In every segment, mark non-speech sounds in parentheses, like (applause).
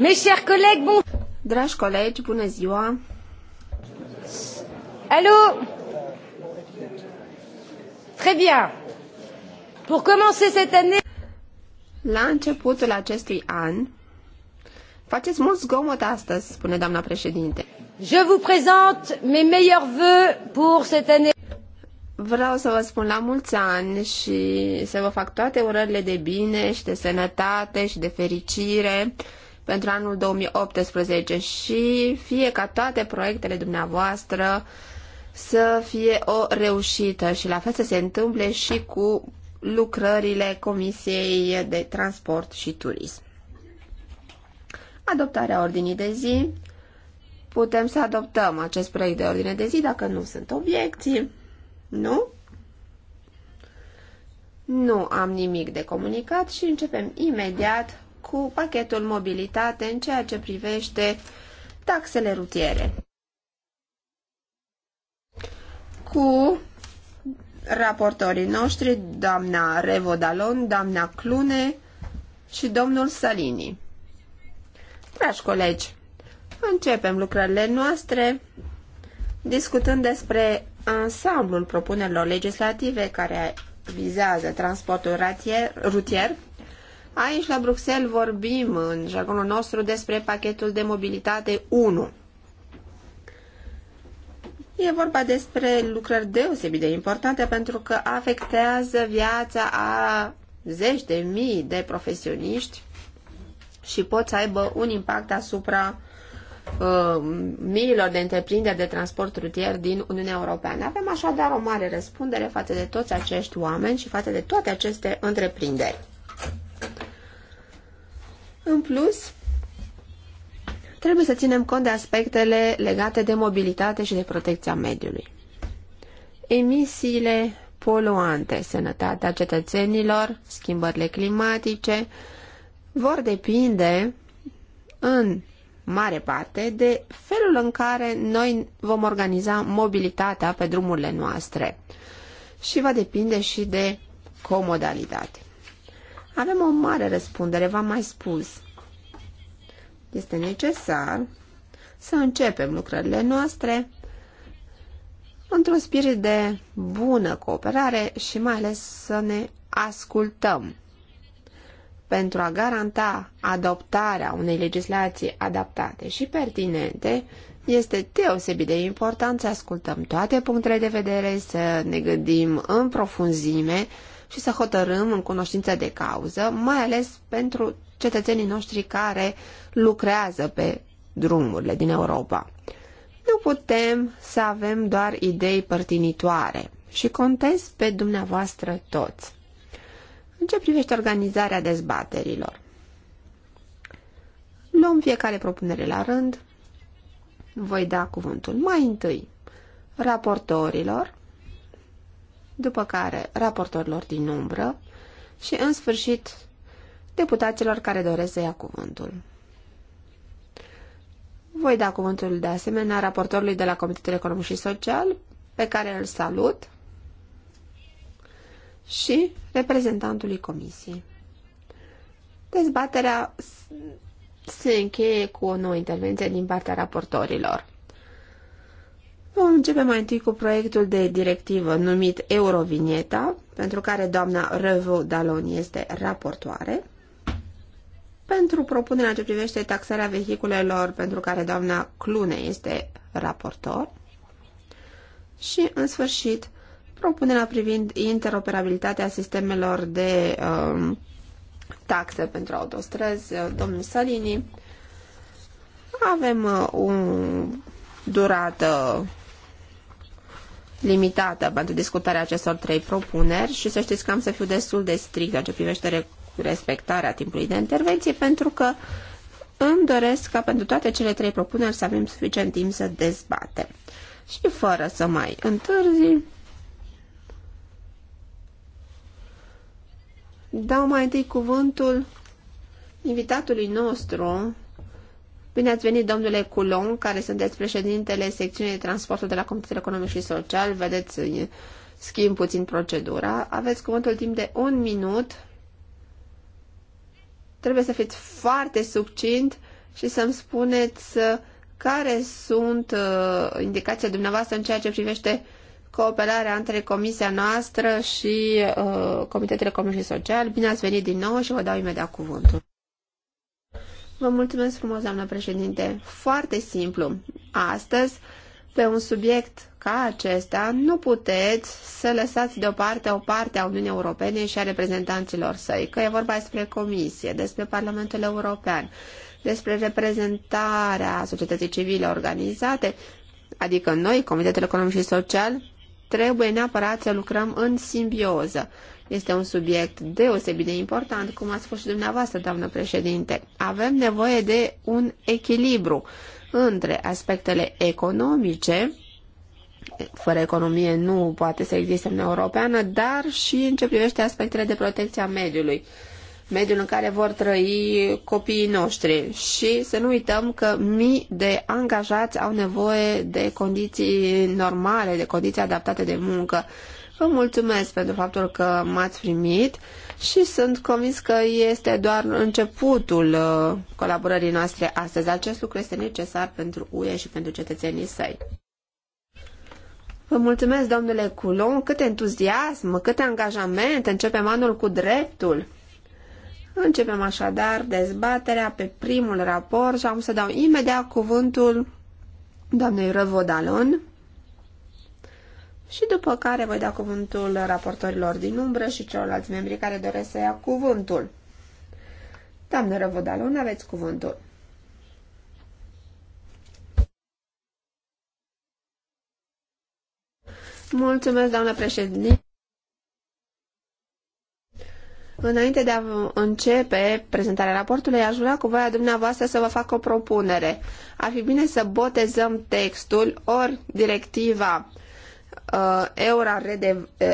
Mes chers collègues, bon... Dragi colegi, bună ziua! Alo! Très bien. Pour commencer cette année... La începutul acestui an, faceți mult zgomot astăzi, spune doamna președinte. Je vous présente mes meilleurs vœux pour cette année. Vreau să vă spun la mulți ani și să vă fac toate urările de bine și de sănătate și de fericire pentru anul 2018 și fie ca toate proiectele dumneavoastră să fie o reușită și la fel să se întâmple și cu lucrările Comisiei de Transport și Turism. Adoptarea ordinii de zi. Putem să adoptăm acest proiect de ordine de zi dacă nu sunt obiecții. Nu? Nu am nimic de comunicat și începem imediat cu pachetul mobilitate în ceea ce privește taxele rutiere. Cu raportorii noștri, doamna Revodalon, doamna Clune și domnul Salini. Dragi colegi, începem lucrările noastre discutând despre ansamblul propunerilor legislative care vizează transportul rutier, Aici, la Bruxelles, vorbim în jargonul nostru despre pachetul de mobilitate 1. E vorba despre lucrări deosebit de importante pentru că afectează viața a zeci de mii de profesioniști și pot să aibă un impact asupra uh, miilor de întreprinderi de transport rutier din Uniunea Europeană. Avem așadar o mare răspundere față de toți acești oameni și față de toate aceste întreprinderi. În plus, trebuie să ținem cont de aspectele legate de mobilitate și de protecția mediului. Emisiile poluante, sănătatea cetățenilor, schimbările climatice vor depinde în mare parte de felul în care noi vom organiza mobilitatea pe drumurile noastre și va depinde și de comodalitate. Avem o mare răspundere, v-am mai spus. Este necesar să începem lucrările noastre într-un spirit de bună cooperare și mai ales să ne ascultăm pentru a garanta adoptarea unei legislații adaptate și pertinente, este deosebit de important să ascultăm toate punctele de vedere, să ne gândim în profunzime și să hotărâm în cunoștință de cauză, mai ales pentru cetățenii noștri care lucrează pe drumurile din Europa. Nu putem să avem doar idei părtinitoare și contez pe dumneavoastră toți. În ce privește organizarea dezbaterilor? Luăm fiecare propunere la rând. Voi da cuvântul mai întâi raportorilor după care raportorilor din umbră și, în sfârșit, deputaților care doresc să ia cuvântul. Voi da cuvântul de asemenea raportorului de la Comitetul Economic și Social, pe care îl salut, și reprezentantului Comisiei. Dezbaterea se încheie cu o nouă intervenție din partea raportorilor. Vom începe mai întâi cu proiectul de directivă numit Eurovinieta, pentru care doamna Revo Dalon este raportoare. Pentru propunerea ce privește taxarea vehiculelor, pentru care doamna Clune este raportor. Și, în sfârșit, propunerea privind interoperabilitatea sistemelor de um, taxe pentru autostrăzi, uh, domnul Salini. Avem uh, un durată limitată pentru discutarea acestor trei propuneri și să știți că am să fiu destul de strict în ce privește respectarea timpului de intervenție pentru că îmi doresc ca pentru toate cele trei propuneri să avem suficient timp să dezbatem. Și fără să mai întârzi, dau mai întâi cuvântul invitatului nostru, Bine ați venit, domnule Coulon, care sunteți președintele secțiunii de transportul de la Comitetul Economic și Social. Vedeți, uh, schimb puțin procedura. Aveți cuvântul timp de un minut. Trebuie să fiți foarte succint și să-mi spuneți uh, care sunt uh, indicațiile dumneavoastră în ceea ce privește cooperarea între comisia noastră și uh, Comitetul Economic și Social. Bine ați venit din nou și vă dau imediat cuvântul. Vă mulțumesc frumos, doamnă președinte. Foarte simplu. Astăzi, pe un subiect ca acesta, nu puteți să lăsați deoparte o parte a Uniunii Europene și a reprezentanților săi, că e vorba despre Comisie, despre Parlamentul European, despre reprezentarea societății civile organizate, adică noi, Comitetul Economic și Social, trebuie neapărat să lucrăm în simbioză este un subiect deosebit de important, cum a spus și dumneavoastră, doamnă președinte. Avem nevoie de un echilibru între aspectele economice, fără economie nu poate să existe în europeană, dar și în ce privește aspectele de protecție a mediului mediul în care vor trăi copiii noștri și să nu uităm că mii de angajați au nevoie de condiții normale, de condiții adaptate de muncă Vă mulțumesc pentru faptul că m-ați primit și sunt convins că este doar începutul uh, colaborării noastre astăzi. Acest lucru este necesar pentru UE și pentru cetățenii săi. Vă mulțumesc, domnule Culon, cât entuziasm, cât angajament, începem anul cu dreptul. Începem așadar dezbaterea pe primul raport și am să dau imediat cuvântul doamnei Răvodalon și după care voi da cuvântul raportorilor din umbră și celorlalți membri care doresc să ia cuvântul. Doamnă Răvodalun, aveți cuvântul. Mulțumesc, doamnă președinte. Înainte de a începe prezentarea raportului, aș vrea cu voia dumneavoastră să vă fac o propunere. Ar fi bine să botezăm textul ori directiva Uh,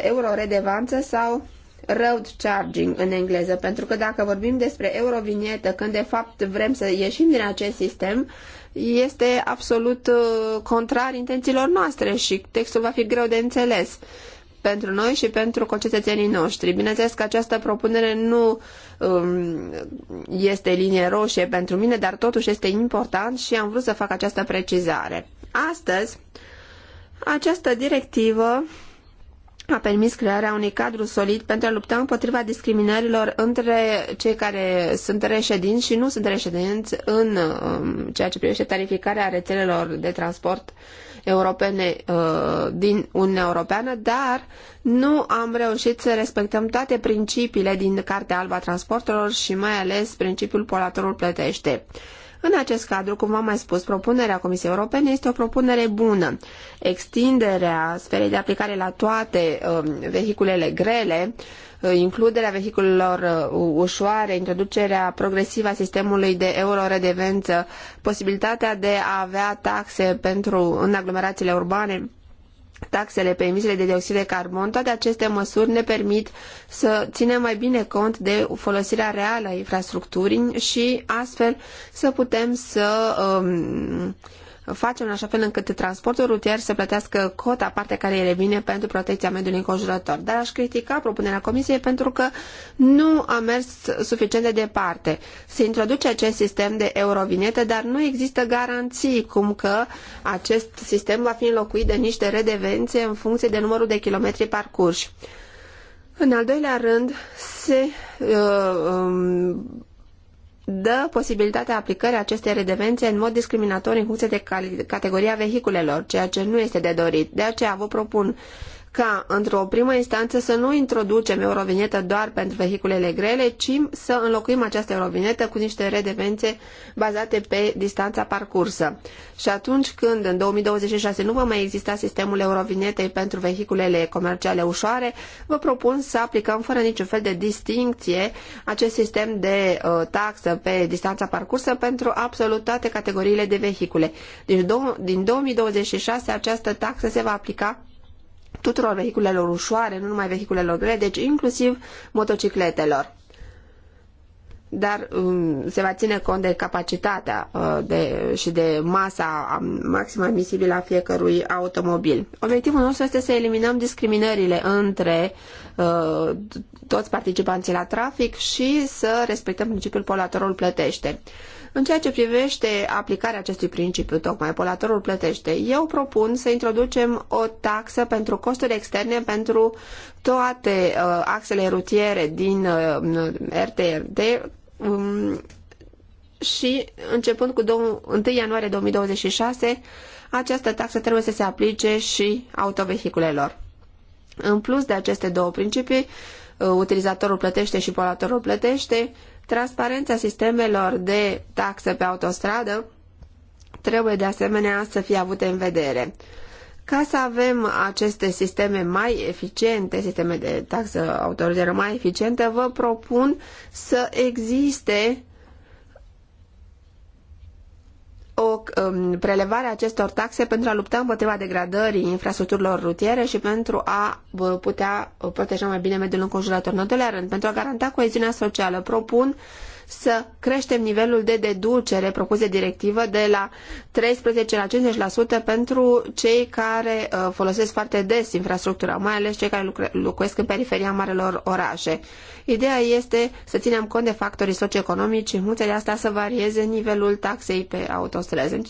euro-redevanță uh, sau road charging în engleză, pentru că dacă vorbim despre eurovinietă, când de fapt vrem să ieșim din acest sistem, este absolut uh, contrar intențiilor noastre și textul va fi greu de înțeles pentru noi și pentru concetățenii noștri. Bineînțeles că această propunere nu um, este linie roșie pentru mine, dar totuși este important și am vrut să fac această precizare. Astăzi, această directivă a permis crearea unui cadru solid pentru a lupta împotriva discriminărilor între cei care sunt reședinți și nu sunt reședinți în um, ceea ce privește tarificarea rețelelor de transport europene uh, din Uniunea Europeană, dar nu am reușit să respectăm toate principiile din Cartea Alba Transporturilor și mai ales principiul polatorul plătește. În acest cadru, cum v-am mai spus, propunerea Comisiei Europene este o propunere bună. Extinderea sferei de aplicare la toate um, vehiculele grele, uh, includerea vehiculelor uh, ușoare, introducerea progresivă a sistemului de euroredevență, posibilitatea de a avea taxe pentru în aglomerațiile urbane, taxele pe emisiile de dioxid de carbon, toate aceste măsuri ne permit să ținem mai bine cont de folosirea reală a infrastructurii și astfel să putem să um, facem în așa fel încât transportul rutier să plătească cota parte care îi revine pentru protecția mediului înconjurător. Dar aș critica propunerea Comisiei pentru că nu a mers suficient de departe. Se introduce acest sistem de eurovinete, dar nu există garanții cum că acest sistem va fi înlocuit de niște redevențe în funcție de numărul de kilometri parcurși. În al doilea rând, se uh, um, dă posibilitatea aplicării acestei redevențe în mod discriminatoriu în funcție de categoria vehiculelor, ceea ce nu este de dorit. De aceea vă propun ca, într-o primă instanță, să nu introducem eurovinetă doar pentru vehiculele grele, ci să înlocuim această eurovinetă cu niște redevențe bazate pe distanța parcursă. Și atunci când, în 2026, nu va mai exista sistemul eurovinetei pentru vehiculele comerciale ușoare, vă propun să aplicăm fără niciun fel de distincție acest sistem de uh, taxă pe distanța parcursă pentru absolut toate categoriile de vehicule. Deci, do- din 2026, această taxă se va aplica tuturor vehiculelor ușoare, nu numai vehiculelor grele, deci inclusiv motocicletelor. Dar um, se va ține cont de capacitatea uh, de, și de masa maximă admisibilă a fiecărui automobil. Obiectivul nostru este să eliminăm discriminările între uh, toți participanții la trafic și să respectăm principiul polatorul plătește. Uh, în ceea ce privește aplicarea acestui principiu, tocmai polatorul plătește, eu propun să introducem o taxă pentru costuri externe pentru toate uh, axele rutiere din uh, RTRD um, și începând cu 1 ianuarie 2026, această taxă trebuie să se aplice și autovehiculelor. În plus de aceste două principii, uh, utilizatorul plătește și polatorul plătește, Transparența sistemelor de taxă pe autostradă trebuie de asemenea să fie avute în vedere. Ca să avem aceste sisteme mai eficiente, sisteme de taxă autorizare mai eficiente, vă propun să existe o um, prelevare a acestor taxe pentru a lupta împotriva degradării infrastructurilor rutiere și pentru a uh, putea uh, proteja mai bine mediul înconjurător. În al doilea rând, pentru a garanta coeziunea socială, propun să creștem nivelul de deducere propus de directivă de la 13 la 50% pentru cei care uh, folosesc foarte des infrastructura, mai ales cei care locuiesc în periferia marelor orașe. Ideea este să ținem cont de factorii socioeconomici și mulți de asta să varieze nivelul taxei pe autostrăzi. Deci,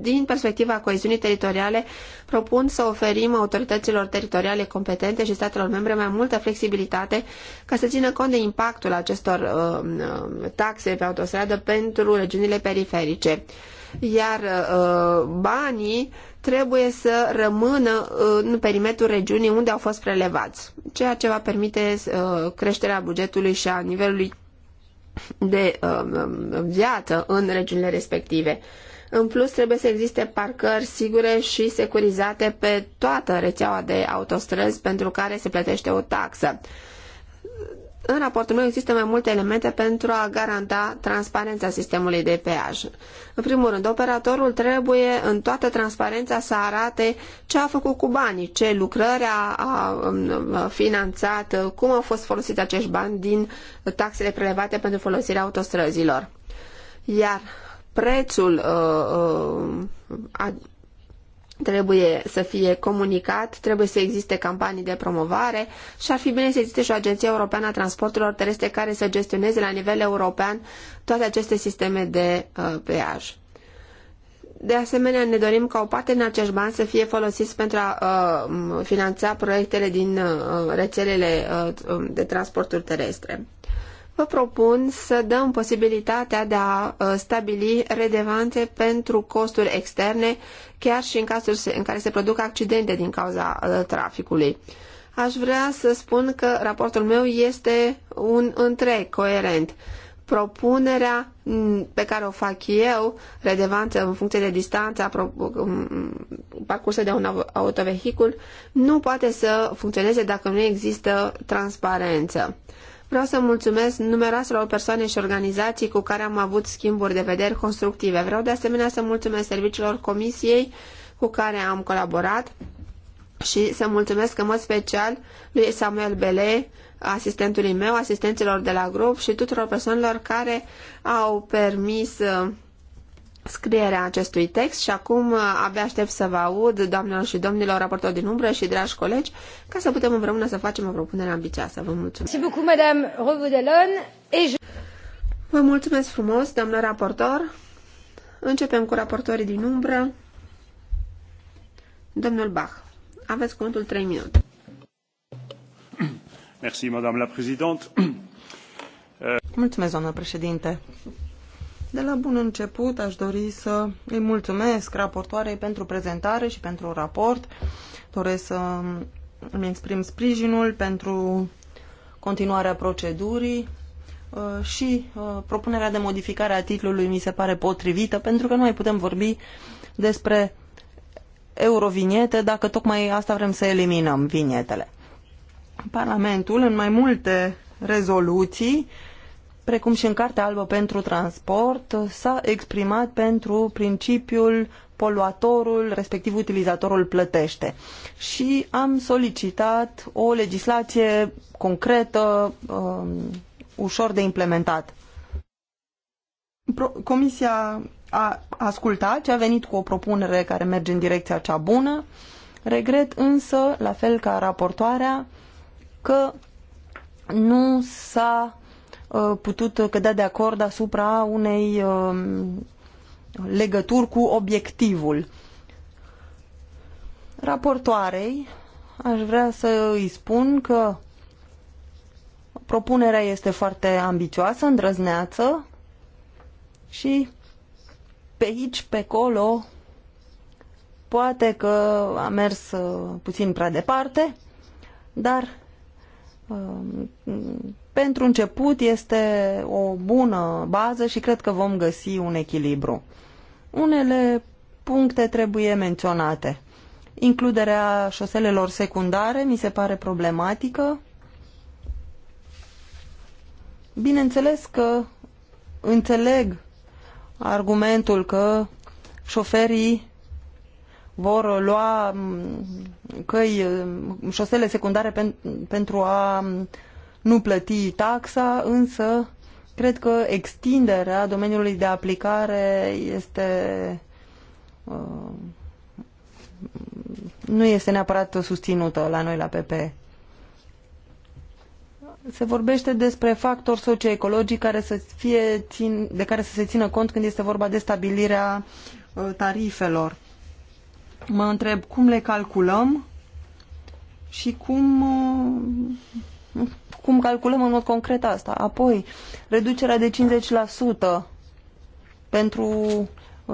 din perspectiva coeziunii teritoriale, propun să oferim autorităților teritoriale competente și statelor membre mai multă flexibilitate ca să țină cont de impactul acestor uh, uh taxe pe autostradă pentru regiunile periferice iar uh, banii trebuie să rămână în perimetrul regiunii unde au fost prelevați, ceea ce va permite uh, creșterea bugetului și a nivelului de um, um, viață în regiunile respective. În plus, trebuie să existe parcări sigure și securizate pe toată rețeaua de autostrăzi pentru care se plătește o taxă în raportul meu există mai multe elemente pentru a garanta transparența sistemului de peaj. În primul rând, operatorul trebuie în toată transparența să arate ce a făcut cu banii, ce lucrări a, a um, finanțat, cum au fost folosiți acești bani din taxele prelevate pentru folosirea autostrăzilor. Iar prețul uh, uh, trebuie să fie comunicat, trebuie să existe campanii de promovare și ar fi bine să existe și o agenție europeană a transporturilor terestre care să gestioneze la nivel european toate aceste sisteme de uh, peaj. De asemenea, ne dorim ca o parte din acești bani să fie folosiți pentru a uh, finanța proiectele din uh, rețelele uh, de transporturi terestre vă propun să dăm posibilitatea de a uh, stabili redevanțe pentru costuri externe, chiar și în cazul în care se produc accidente din cauza uh, traficului. Aș vrea să spun că raportul meu este un întreg coerent. Propunerea mm, pe care o fac eu, redevanță în funcție de distanța um, parcursă de un autovehicul, nu poate să funcționeze dacă nu există transparență. Vreau să mulțumesc numeroaselor persoane și organizații cu care am avut schimburi de vederi constructive. Vreau de asemenea să mulțumesc serviciilor comisiei cu care am colaborat și să mulțumesc în mod special lui Samuel Bele, asistentului meu, asistenților de la grup și tuturor persoanelor care au permis uh, scrierea acestui text și acum uh, abia aștept să vă aud, doamnelor și domnilor, raportor din umbră și dragi colegi, ca să putem împreună să facem o propunere ambițioasă. Vă mulțumesc! Vă mulțumesc frumos, doamnă raportor! Începem cu raportorii din umbră. Domnul Bach, aveți cuvântul 3 minute. Merci, madame la présidente. Mulțumesc, doamnă președinte. De la bun început aș dori să îi mulțumesc raportoarei pentru prezentare și pentru raport. Doresc să îmi exprim sprijinul pentru continuarea procedurii uh, și uh, propunerea de modificare a titlului mi se pare potrivită pentru că nu mai putem vorbi despre eurovinete, dacă tocmai asta vrem să eliminăm, vinietele. Parlamentul în mai multe rezoluții precum și în Cartea Albă pentru Transport, s-a exprimat pentru principiul poluatorul, respectiv utilizatorul plătește. Și am solicitat o legislație concretă, um, ușor de implementat. Pro Comisia a ascultat și a venit cu o propunere care merge în direcția cea bună. Regret însă, la fel ca raportoarea, că nu s-a Uh, putut cădea de acord asupra unei uh, legături cu obiectivul. Raportoarei aș vrea să îi spun că propunerea este foarte ambițioasă, îndrăzneață și pe aici, pe colo poate că a mers uh, puțin prea departe, dar pentru început este o bună bază și cred că vom găsi un echilibru. Unele puncte trebuie menționate. Includerea șoselelor secundare mi se pare problematică. Bineînțeles că înțeleg argumentul că șoferii vor lua mm, căi, mm, șosele secundare pen, pentru a mm, nu plăti taxa, însă cred că extinderea domeniului de aplicare este uh, nu este neapărat susținută la noi la PP. Se vorbește despre factori socioecologici care să fie țin, de care să se țină cont când este vorba de stabilirea uh, tarifelor. Mă întreb cum le calculăm și cum uh, cum calculăm în mod concret asta. Apoi, reducerea de 50% pentru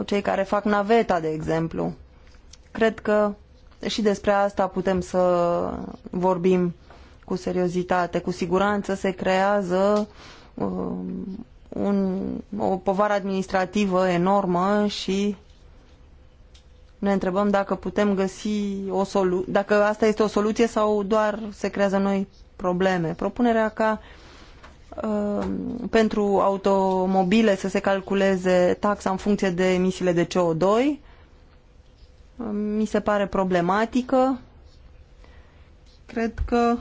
cei care fac naveta, de exemplu. Cred că și despre asta putem să vorbim cu seriozitate. Cu siguranță se creează um, un, o povară administrativă enormă și ne întrebăm dacă putem găsi o soluție, dacă asta este o soluție sau doar se creează noi probleme. Propunerea ca uh, pentru automobile să se calculeze taxa în funcție de emisiile de CO2 uh, mi se pare problematică. Cred că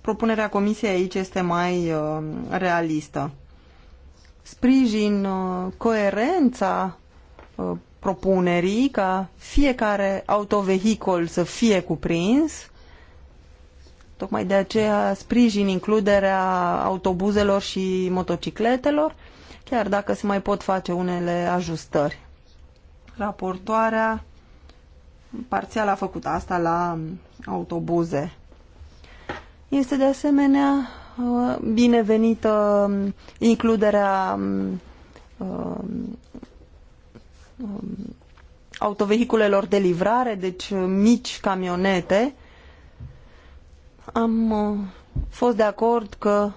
propunerea comisiei aici este mai uh, realistă. Sprijin uh, coerența uh, propunerii ca fiecare autovehicol să fie cuprins Tocmai de aceea sprijin includerea autobuzelor și motocicletelor, chiar dacă se mai pot face unele ajustări. Raportoarea parțial a făcut asta la autobuze. Este de asemenea uh, binevenită includerea um, um, autovehiculelor de livrare, deci mici camionete, am uh, fost de acord că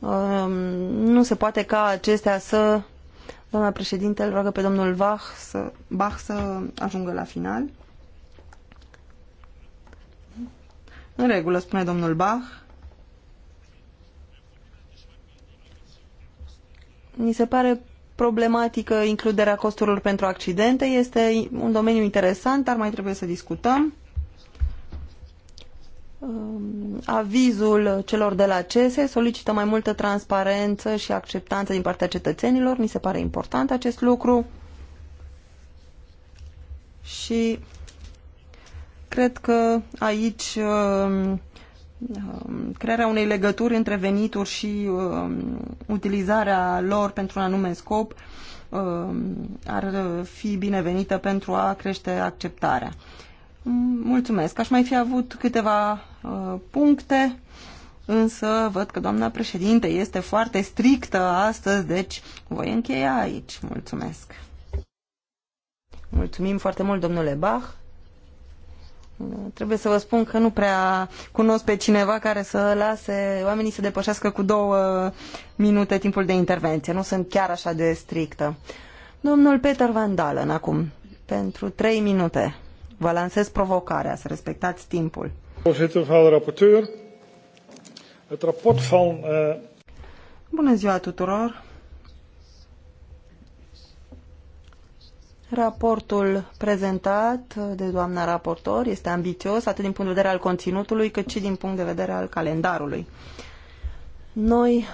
um, nu se poate ca acestea să doamna președinte îl roagă pe domnul Bach să, Bach să ajungă la final în regulă, spune domnul Bach ni se pare problematică includerea costurilor pentru accidente este un domeniu interesant, dar mai trebuie să discutăm Um, avizul celor de la CESE solicită mai multă transparență și acceptanță din partea cetățenilor. Mi se pare important acest lucru și cred că aici um, um, crearea unei legături între venituri și utilizarea lor pentru un anume scop ar fi binevenită pentru a crește acceptarea. Mulțumesc. Aș mai fi avut câteva uh, puncte, însă văd că doamna președinte este foarte strictă astăzi, deci voi încheia aici. Mulțumesc. Mulțumim foarte mult, domnule Bach. Trebuie să vă spun că nu prea cunosc pe cineva care să lase oamenii să depășească cu două minute timpul de intervenție. Nu sunt chiar așa de strictă. Domnul Peter Van Dalen acum, pentru trei minute. Vă lansez provocarea să respectați timpul. Eh, Bună ziua tuturor! Raportul prezentat de doamna raportor este ambițios atât din punct de vedere al conținutului cât și din punct de vedere al calendarului. Noi,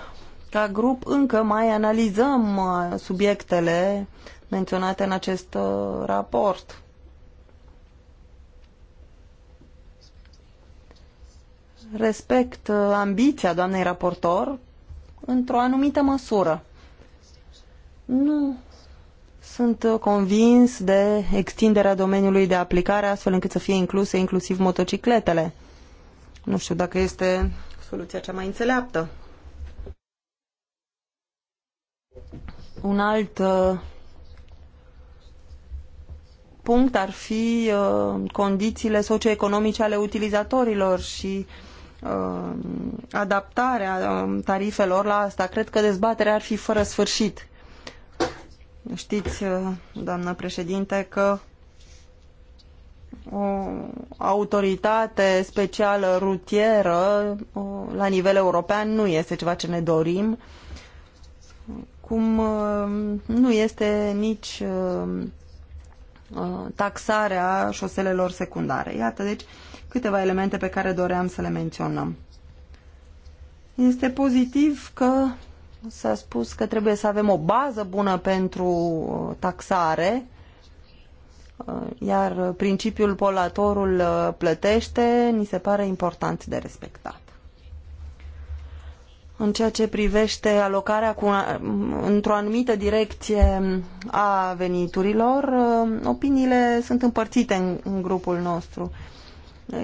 ca grup, încă mai analizăm eh, subiectele menționate în acest eh, raport. respect uh, ambiția doamnei raportor într-o anumită măsură. Nu sunt convins de extinderea domeniului de aplicare astfel încât să fie incluse inclusiv motocicletele. Nu știu dacă este soluția cea mai înțeleaptă. Un alt uh, punct ar fi uh, condițiile socioeconomice ale utilizatorilor și uh, Uh, adaptarea um, tarifelor la asta. Cred că dezbaterea ar fi fără sfârșit. Știți, uh, doamnă președinte, că o autoritate specială rutieră uh, la nivel european nu este ceva ce ne dorim, cum nu este nici taxarea șoselelor secundare. Iată, deci, câteva elemente pe care doream să le menționăm. Este pozitiv că s-a spus că trebuie să avem o bază bună pentru uh, taxare, uh, iar principiul polatorul uh, plătește ni se pare important de respectat. În ceea ce privește alocarea într-o anumită direcție a veniturilor, opiniile sunt împărțite în, în grupul nostru. Uh,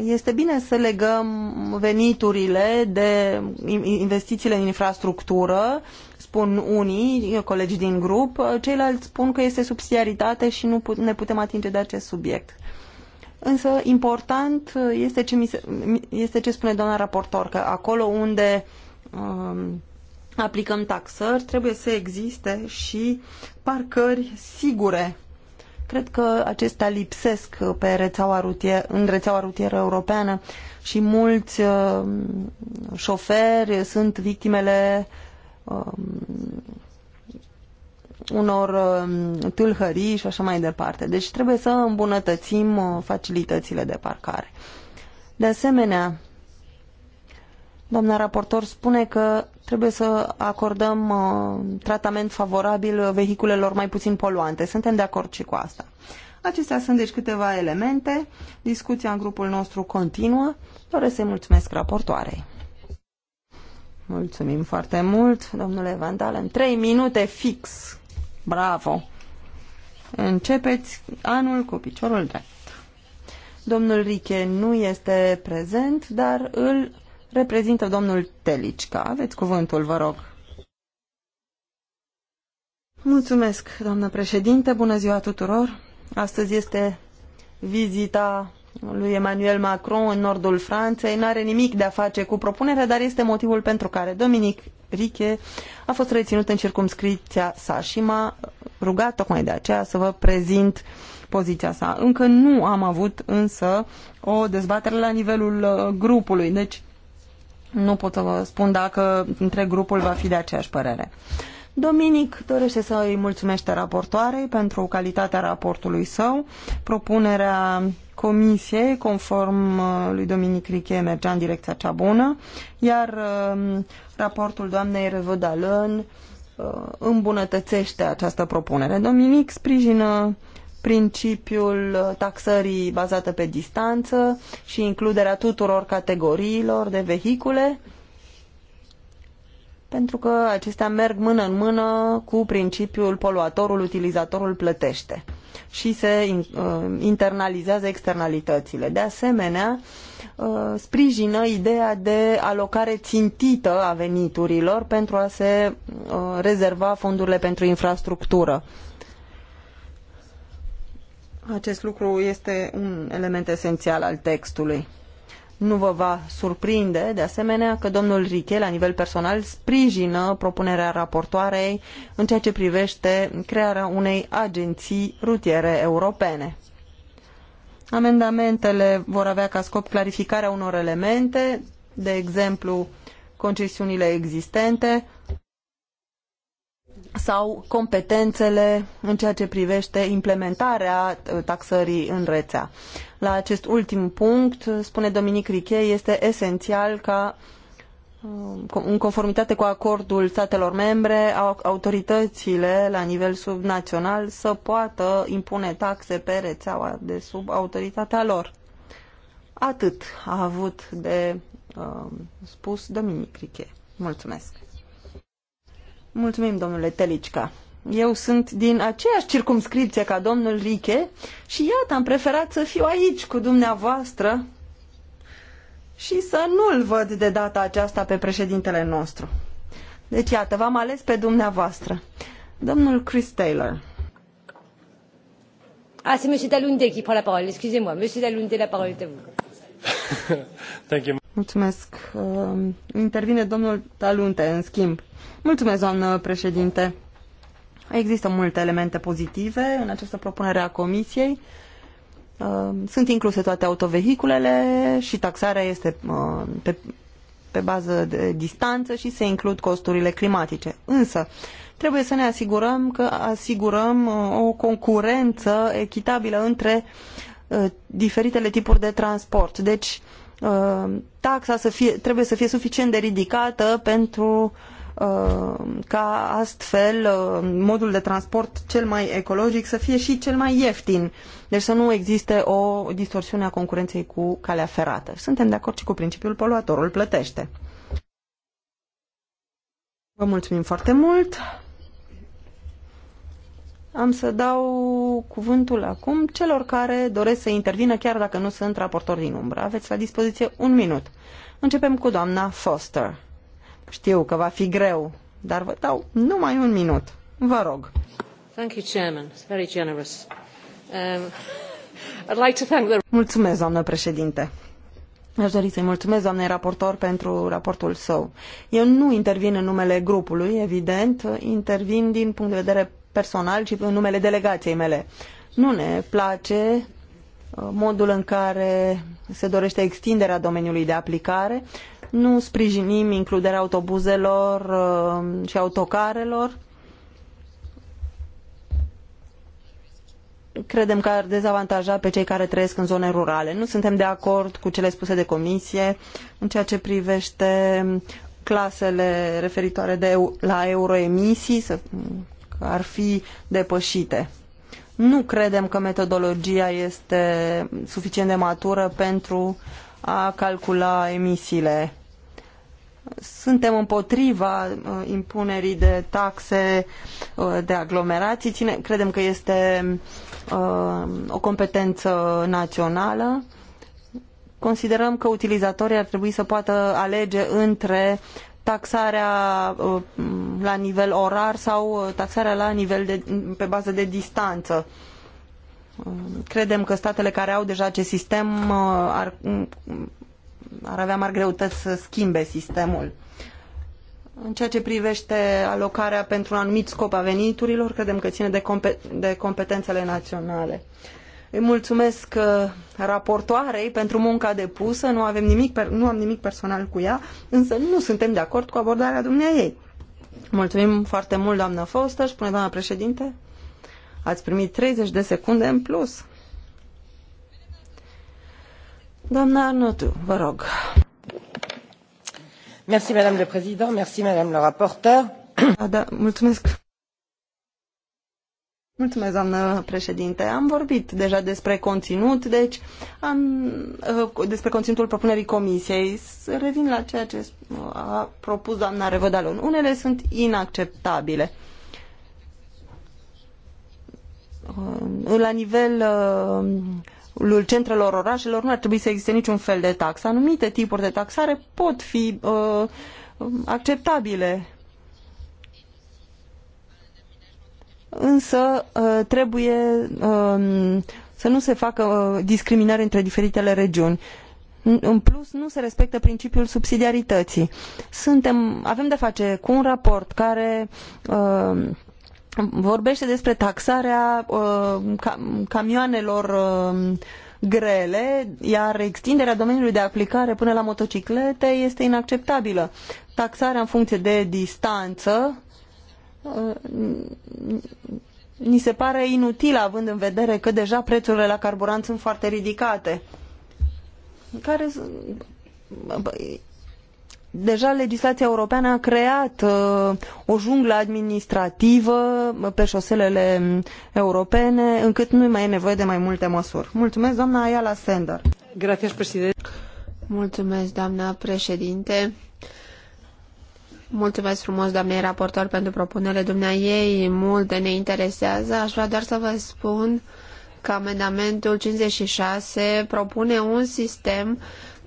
este bine să legăm veniturile de investițiile în infrastructură, spun unii, colegi din grup, ceilalți spun că este subsidiaritate și nu ne putem atinge de acest subiect. Însă important este ce, mi se, este ce spune doamna raportor, că acolo unde um, aplicăm taxări trebuie să existe și parcări sigure Cred că acestea lipsesc pe rețeaua rutier, în rețeaua rutieră europeană și mulți uh, șoferi sunt victimele uh, unor uh, tâlhării și așa mai departe. Deci trebuie să îmbunătățim uh, facilitățile de parcare. De asemenea, Doamna raportor spune că trebuie să acordăm uh, tratament favorabil vehiculelor mai puțin poluante. Suntem de acord și cu asta. Acestea sunt deci câteva elemente. Discuția în grupul nostru continuă. Doresc să-i mulțumesc raportoarei. Mulțumim foarte mult, domnule Van Dalen. Trei minute fix. Bravo! Începeți anul cu piciorul drept. Domnul Riche nu este prezent, dar îl reprezintă domnul Telicca. Aveți cuvântul, vă rog. Mulțumesc, doamnă președinte, bună ziua tuturor. Astăzi este vizita lui Emmanuel Macron în nordul Franței. Nu are nimic de a face cu propunerea, dar este motivul pentru care Dominic Riche a fost reținut în circumscripția sa și m-a rugat tocmai de aceea să vă prezint poziția sa. Încă nu am avut însă o dezbatere la nivelul uh, grupului, deci nu pot să vă spun dacă între grupul va fi de aceeași părere. Dominic dorește să îi mulțumește raportoarei pentru calitatea raportului său. Propunerea comisiei, conform uh, lui Dominic Riche, mergea în direcția cea bună, iar um, raportul doamnei Revădalân uh, îmbunătățește această propunere. Dominic sprijină principiul taxării bazată pe distanță și includerea tuturor categoriilor de vehicule, pentru că acestea merg mână în mână cu principiul poluatorul, utilizatorul plătește și se uh, internalizează externalitățile. De asemenea, uh, sprijină ideea de alocare țintită a veniturilor pentru a se uh, rezerva fondurile pentru infrastructură acest lucru este un element esențial al textului. Nu vă va surprinde, de asemenea, că domnul Riche, la nivel personal, sprijină propunerea raportoarei în ceea ce privește crearea unei agenții rutiere europene. Amendamentele vor avea ca scop clarificarea unor elemente, de exemplu, concesiunile existente, sau competențele în ceea ce privește implementarea uh, taxării în rețea. La acest ultim punct, uh, spune Dominic Richet, este esențial ca uh, în conformitate cu acordul statelor membre, autoritățile la nivel subnațional să poată impune taxe pe rețeaua de sub autoritatea lor. Atât a avut de uh, spus Dominic Riche. Mulțumesc! Mulțumim, domnule Telicica. Eu sunt din aceeași circumscripție ca domnul Riche și iată, am preferat să fiu aici cu dumneavoastră și să nu-l văd de data aceasta pe președintele nostru. Deci, iată, v-am ales pe dumneavoastră. Domnul Chris Taylor. Ah, c'est M. Dalunde qui prend la parole. Excusez-moi, M. Dalunde, la parole est à vous. (laughs) Thank you, Mulțumesc. Um, intervine domnul Talunte, în schimb. Mulțumesc, doamnă președinte. Există multe elemente pozitive în această propunere a Comisiei. Um, sunt incluse toate autovehiculele și taxarea este uh, pe, pe bază de distanță și se includ costurile climatice. Însă, trebuie să ne asigurăm că asigurăm uh, o concurență echitabilă între uh, diferitele tipuri de transport. Deci, Uh, taxa să fie, trebuie să fie suficient de ridicată pentru uh, ca astfel uh, modul de transport cel mai ecologic să fie și cel mai ieftin. Deci să nu existe o distorsiune a concurenței cu calea ferată. Suntem de acord și cu principiul poluatorul plătește. Vă mulțumim foarte mult! Am să dau cuvântul acum celor care doresc să intervină, chiar dacă nu sunt raportori din umbră. Aveți la dispoziție un minut. Începem cu doamna Foster. Știu că va fi greu, dar vă dau numai un minut. Vă rog. Thank you, Chairman. It's very generous. Um, I'd like to thank the... Mulțumesc, doamnă președinte. Aș dori să-i mulțumesc doamnei raportor pentru raportul său. Eu nu intervin în numele grupului, evident, intervin din punct de vedere personal, ci în numele delegației mele. Nu ne place uh, modul în care se dorește extinderea domeniului de aplicare. Nu sprijinim includerea autobuzelor uh, și autocarelor. Credem că ar dezavantaja pe cei care trăiesc în zone rurale. Nu suntem de acord cu cele spuse de comisie în ceea ce privește clasele referitoare de, la euroemisii, să, ar fi depășite. Nu credem că metodologia este suficient de matură pentru a calcula emisiile. Suntem împotriva uh, impunerii de taxe uh, de aglomerații. Ține, credem că este uh, o competență națională considerăm că utilizatorii ar trebui să poată alege între taxarea uh, la nivel orar sau uh, taxarea la nivel de, pe bază de distanță. Uh, credem că statele care au deja acest sistem ar, mm, ar avea mari greutăți să schimbe sistemul. În ceea ce privește alocarea pentru un anumit scop a veniturilor, credem că ține de, compet- de competențele naționale. Îi mulțumesc uh, raportoarei pentru munca depusă, nu, avem nimic, nu am nimic personal cu ea, însă nu suntem de acord cu abordarea dumneaei. Mulțumim foarte mult, doamna Foster, spune doamna președinte. Ați primit 30 de secunde în plus. Doamna Arnotu, vă rog. Merci, madame le président, merci, madame le rapporteur. Da, da mulțumesc. Mulțumesc, doamnă președinte. Am vorbit deja despre conținut, deci am, uh, despre conținutul propunerii comisiei. Să revin la ceea ce a propus doamna Revădalon. Unele sunt inacceptabile. Uh, la nivelul uh, centrelor orașelor nu ar trebui să existe niciun fel de taxă. Anumite tipuri de taxare pot fi acceptabile însă uh, trebuie um, să nu se facă uh, discriminare între diferitele regiuni. În plus, nu se respectă principiul subsidiarității. Suntem, avem de face cu un raport care um, vorbește despre taxarea um, camioanelor grele, iar extinderea domeniului de aplicare până la motociclete este inacceptabilă. Taxarea în funcție de distanță ni se pare inutilă având în vedere că deja prețurile la carburant sunt foarte ridicate. Care deja legislația europeană a creat uh, o junglă administrativă pe șoselele europene, încât nu mai e nevoie de mai multe măsuri. Mulțumesc, doamna Ayala Sender. Gracias, Mulțumesc, doamna președinte. Mulțumesc frumos, doamnei raportor, pentru propunerile dumneai. Multe ne interesează. Aș vrea doar să vă spun că amendamentul 56 propune un sistem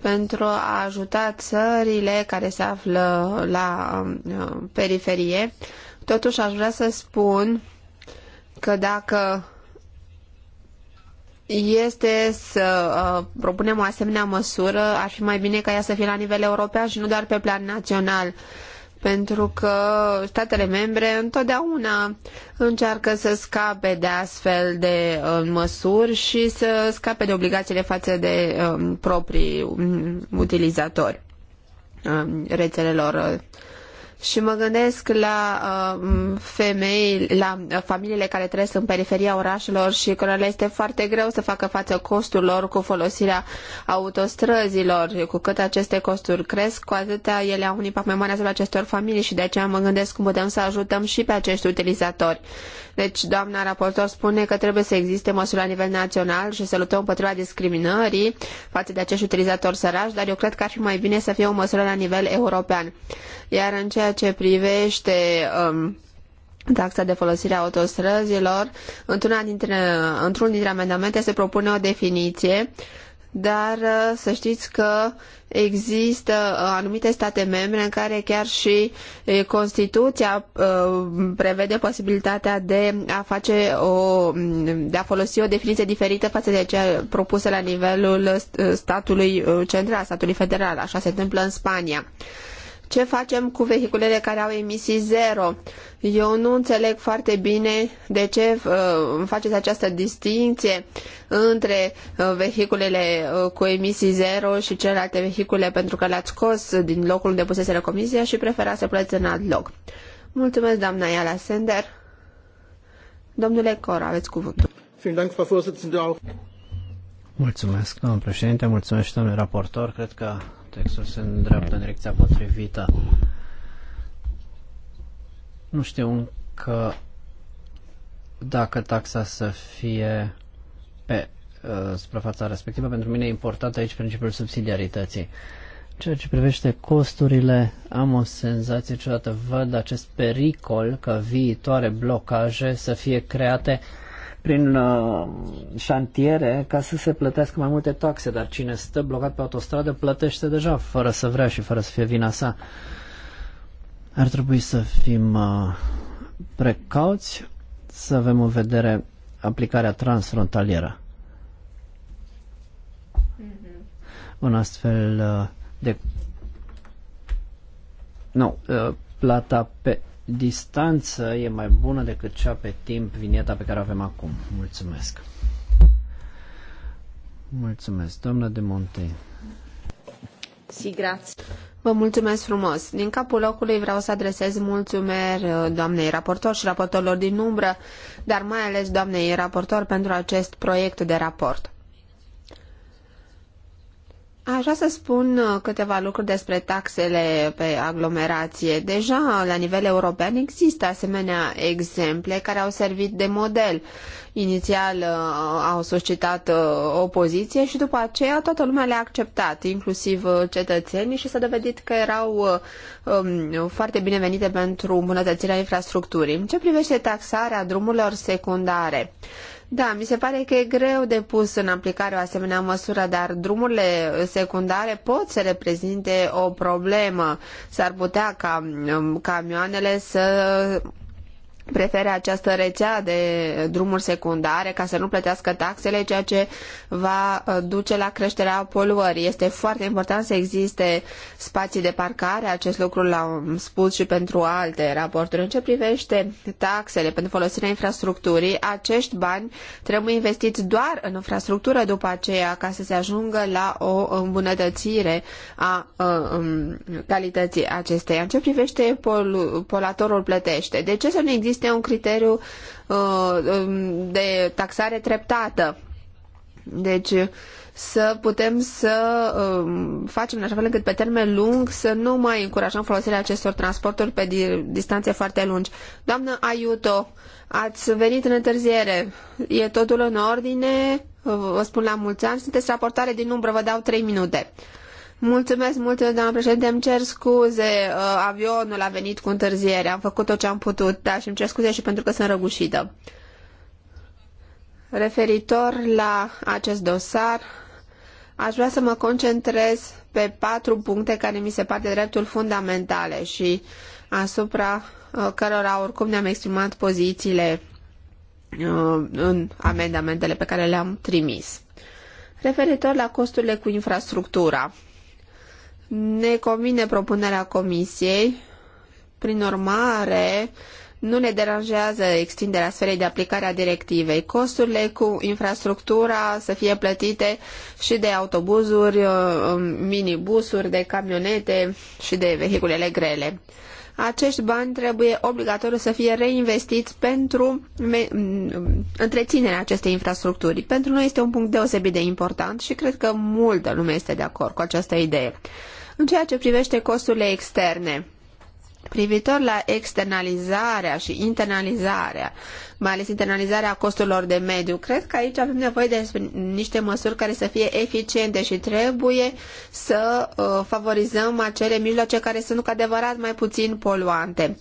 pentru a ajuta țările care se află la uh, periferie. Totuși aș vrea să spun că dacă este să uh, propunem o asemenea măsură, ar fi mai bine ca ea să fie la nivel european și nu doar pe plan național pentru că statele membre întotdeauna încearcă să scape de astfel de uh, măsuri și să scape de obligațiile față de um, proprii um, utilizatori um, rețelelor uh, și mă gândesc la uh, femei, la familiile care trăiesc în periferia orașelor și care le este foarte greu să facă față costurilor cu folosirea autostrăzilor. Cu cât aceste costuri cresc, cu atâta ele au un impact mai mare asupra acestor familii și de aceea mă gândesc cum putem să ajutăm și pe acești utilizatori. Deci, doamna raportor spune că trebuie să existe măsuri la nivel național și să luptăm împotriva discriminării față de acești utilizatori săraci, dar eu cred că ar fi mai bine să fie o măsură la nivel european. Iar în ceea ce privește um, taxa de folosire a autostrăzilor, într-una dintre, într-un dintre amendamente se propune o definiție dar uh, să știți că există uh, anumite state membre în care chiar și uh, Constituția prevede posibilitatea de a face o, mm, de a folosi o definiție diferită față de cea propusă la nivelul statului central, statului federal. Așa se întâmplă în Spania. Ce facem cu vehiculele care au emisii zero? Eu nu înțeleg foarte bine de ce uh, faceți această distinție între uh, vehiculele uh, cu emisii zero și celelalte vehicule pentru că le-ați scos din locul unde puseseră comisia și prefera să plăți în alt loc. Mulțumesc, doamna Iala Sender. Domnule Cor, aveți cuvântul. Mulțumesc, domnul președinte, mulțumesc, domnule raportor. Cred că textul se îndreaptă în direcția potrivită. Nu știu încă dacă taxa să fie pe uh, suprafața respectivă. Pentru mine e important aici principiul subsidiarității. Ceea ce privește costurile, am o senzație ciudată. Văd acest pericol că viitoare blocaje să fie create prin uh, șantiere ca să se plătească mai multe taxe, dar cine stă blocat pe autostradă plătește deja fără să vrea și fără să fie vina sa. Ar trebui să fim uh, precauți, să avem în vedere aplicarea transfrontalieră. Mm-hmm. Un astfel uh, de... Nu, uh, plata pe distanță e mai bună decât cea pe timp, vinieta pe care o avem acum. Mulțumesc. Mulțumesc, doamna de Monte. Si, grație. Vă mulțumesc frumos. Din capul locului vreau să adresez mulțumeri uh, doamnei raportor și raportorilor din umbră, dar mai ales doamnei raportor pentru acest proiect de raport. Aș vrea să spun uh, câteva lucruri despre taxele pe aglomerație. Deja, la nivel european, există asemenea exemple care au servit de model. Inițial uh, au suscitat uh, opoziție și după aceea toată lumea le-a acceptat, inclusiv cetățenii, și s-a dovedit că erau um, foarte binevenite pentru îmbunătățirea infrastructurii. În ce privește taxarea drumurilor secundare? Da, mi se pare că e greu de pus în aplicare o asemenea măsură, dar drumurile secundare pot să reprezinte o problemă. S-ar putea ca um, camioanele să prefere această rețea de drumuri secundare ca să nu plătească taxele, ceea ce va uh, duce la creșterea poluării. Este foarte important să existe spații de parcare, acest lucru l-am spus și pentru alte raporturi. În ce privește taxele pentru folosirea infrastructurii, acești bani trebuie investiți doar în infrastructură după aceea ca să se ajungă la o îmbunătățire a, a, uh, a um, calității acesteia. În ce privește poluatorul polatorul plătește? De ce să nu există existe un criteriu uh, um, de taxare treptată. Deci să putem să um, facem în așa fel încât pe termen lung să nu mai încurajăm folosirea acestor transporturi pe distanțe foarte lungi. Doamnă Aiuto, ați venit în întârziere. E totul în ordine? Vă spun la mulți ani. Sunteți raportare din umbră, vă dau trei minute. Mulțumesc mult, doamnă președinte. Îmi cer scuze, uh, avionul a venit cu întârziere. Am făcut tot ce am putut, dar și îmi cer scuze și pentru că sunt răgușită. Referitor la acest dosar, aș vrea să mă concentrez pe patru puncte care mi se pare dreptul fundamentale și asupra uh, cărora oricum ne-am exprimat pozițiile uh, în amendamentele pe care le-am trimis. Referitor la costurile cu infrastructura, ne convine propunerea comisiei, prin urmare, nu ne deranjează extinderea sferei de aplicare a directivei. Costurile cu infrastructura să fie plătite și de autobuzuri, uh, um, minibusuri, de camionete și de vehiculele grele. Acești bani trebuie obligatoriu să fie reinvestiți pentru întreținerea acestei infrastructuri. Pentru noi este un punct deosebit de important și cred că multă lume este de acord cu această idee. În ceea ce privește costurile externe, privitor la externalizarea și internalizarea, mai ales internalizarea costurilor de mediu, cred că aici avem nevoie de niște măsuri care să fie eficiente și trebuie să uh, favorizăm acele mijloace care sunt cu adevărat mai puțin poluante.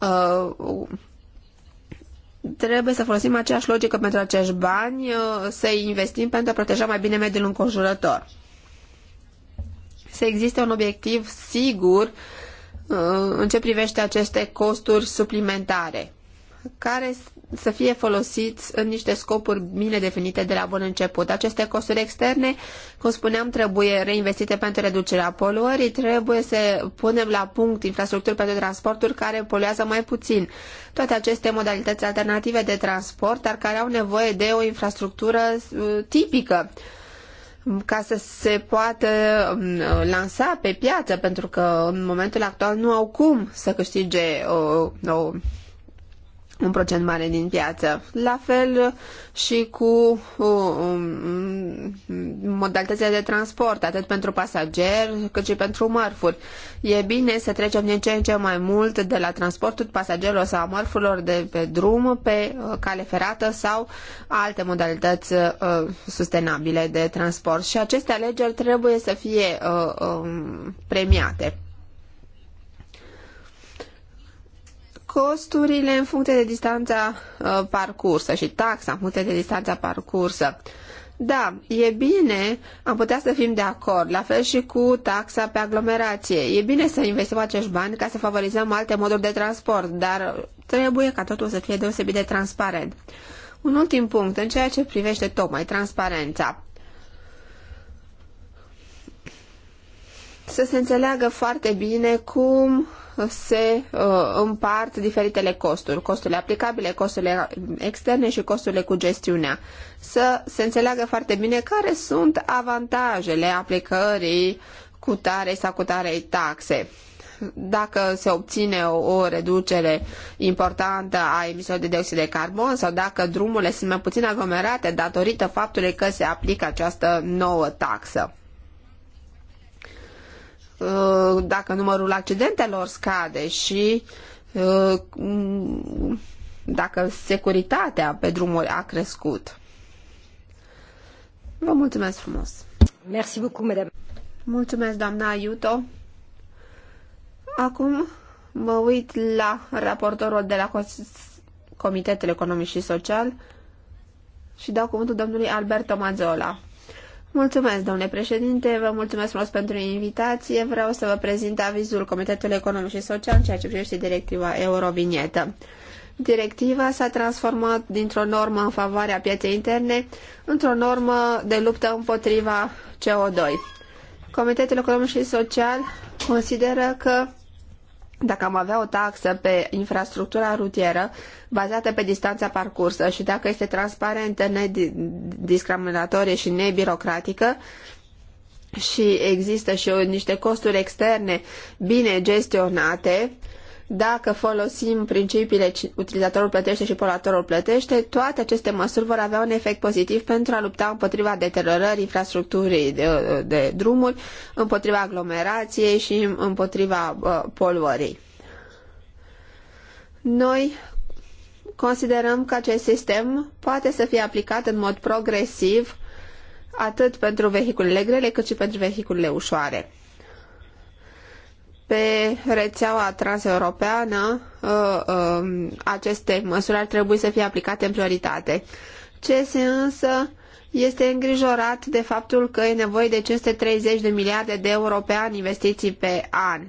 Uh, trebuie să folosim aceeași logică pentru acești bani, uh, să investim pentru a proteja mai bine mediul înconjurător să existe un obiectiv sigur uh, în ce privește aceste costuri suplimentare, care să fie folosiți în niște scopuri bine definite de la bun început. Aceste costuri externe, cum spuneam, trebuie reinvestite pentru reducerea poluării, trebuie să punem la punct infrastructuri pentru transporturi care poluează mai puțin. Toate aceste modalități alternative de transport, dar care au nevoie de o infrastructură uh, tipică ca să se poată mm, lansa pe piață, pentru că în momentul actual nu au cum să câștige uh, o, o un procent mare din piață. La fel și cu uh, um, modalitățile de transport, atât pentru pasageri cât și pentru mărfuri. E bine să trecem din ce în ce mai mult de la transportul pasagerilor sau mărfurilor de pe drum, pe uh, cale ferată sau alte modalități uh, sustenabile de transport. Și aceste alegeri trebuie să fie um, premiate. costurile în funcție de distanța uh, parcursă și taxa în funcție de distanța parcursă. Da, e bine, am putea să fim de acord, la fel și cu taxa pe aglomerație. E bine să investim acești bani ca să favorizăm alte moduri de transport, dar trebuie ca totul să fie deosebit de transparent. Un ultim punct, în ceea ce privește tocmai transparența. Să se înțeleagă foarte bine cum se uh, împart diferitele costuri, costurile aplicabile, costurile externe și costurile cu gestiunea. Să se înțeleagă foarte bine care sunt avantajele aplicării cu tare sau cu tare taxe dacă se obține o, reducere importantă a emisiilor de dioxid de carbon sau dacă drumurile sunt mai puțin aglomerate datorită faptului că se aplică această nouă taxă. Uh, dacă numărul accidentelor scade și uh, mm, dacă securitatea pe drumuri a crescut. Vă mulțumesc frumos! Merci beaucoup, madame. Mulțumesc, doamna Iuto. Acum mă uit la raportorul de la Comitetul Economic și Social și dau cuvântul domnului Alberto Mazzola. Mulțumesc, domnule președinte, vă mulțumesc frumos pentru invitație. Vreau să vă prezint avizul Comitetului Economic și Social în ceea ce privește directiva Eurovinietă. Directiva s-a transformat dintr-o normă în favoarea pieței interne într-o normă de luptă împotriva CO2. Comitetul Economic și Social consideră că dacă am avea o taxă pe infrastructura rutieră bazată pe distanța parcursă și dacă este transparentă, nediscriminatorie și nebirocratică și există și niște costuri externe bine gestionate, dacă folosim principiile utilizatorul plătește și polatorul plătește, toate aceste măsuri vor avea un efect pozitiv pentru a lupta împotriva deteriorării infrastructurii de, de drumuri, împotriva aglomerației și împotriva uh, poluării. Noi considerăm că acest sistem poate să fie aplicat în mod progresiv atât pentru vehiculele grele cât și pentru vehiculele ușoare pe rețeaua transeuropeană uh, um, aceste măsuri ar trebui să fie aplicate în prioritate. CS însă este îngrijorat de faptul că e nevoie de 530 de miliarde de euro pe an investiții pe an.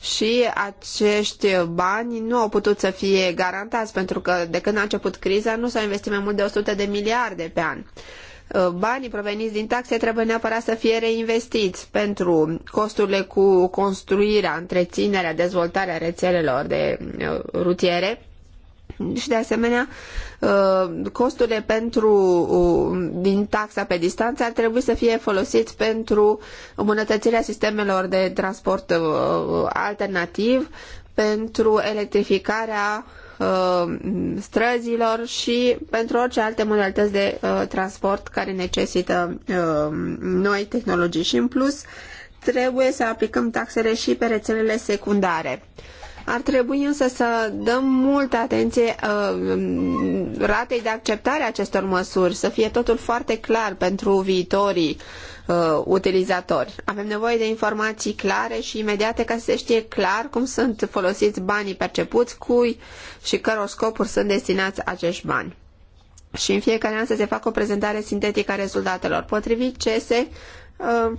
Și acești bani nu au putut să fie garantați pentru că de când a început criza nu s-au investit mai mult de 100 de miliarde pe an. Uh, banii proveniți din taxe trebuie neapărat să fie reinvestiți pentru costurile cu construirea, întreținerea, dezvoltarea rețelelor de uh, rutiere și de asemenea uh, costurile pentru din taxa pe distanță ar trebui să fie folosiți pentru îmbunătățirea sistemelor de transport alternativ, pentru electrificarea Uh, străzilor și pentru orice alte modalități de uh, transport care necesită uh, noi tehnologii. Și în plus, trebuie să aplicăm taxele și pe rețelele secundare. Ar trebui însă să dăm multă atenție uh, ratei de acceptare a acestor măsuri, să fie totul foarte clar pentru viitorii uh, utilizatori. Avem nevoie de informații clare și imediate ca să se știe clar cum sunt folosiți banii percepuți, cui și căror scopuri sunt destinați acești bani. Și în fiecare an să se facă o prezentare sintetică a rezultatelor. Potrivit CESE, uh,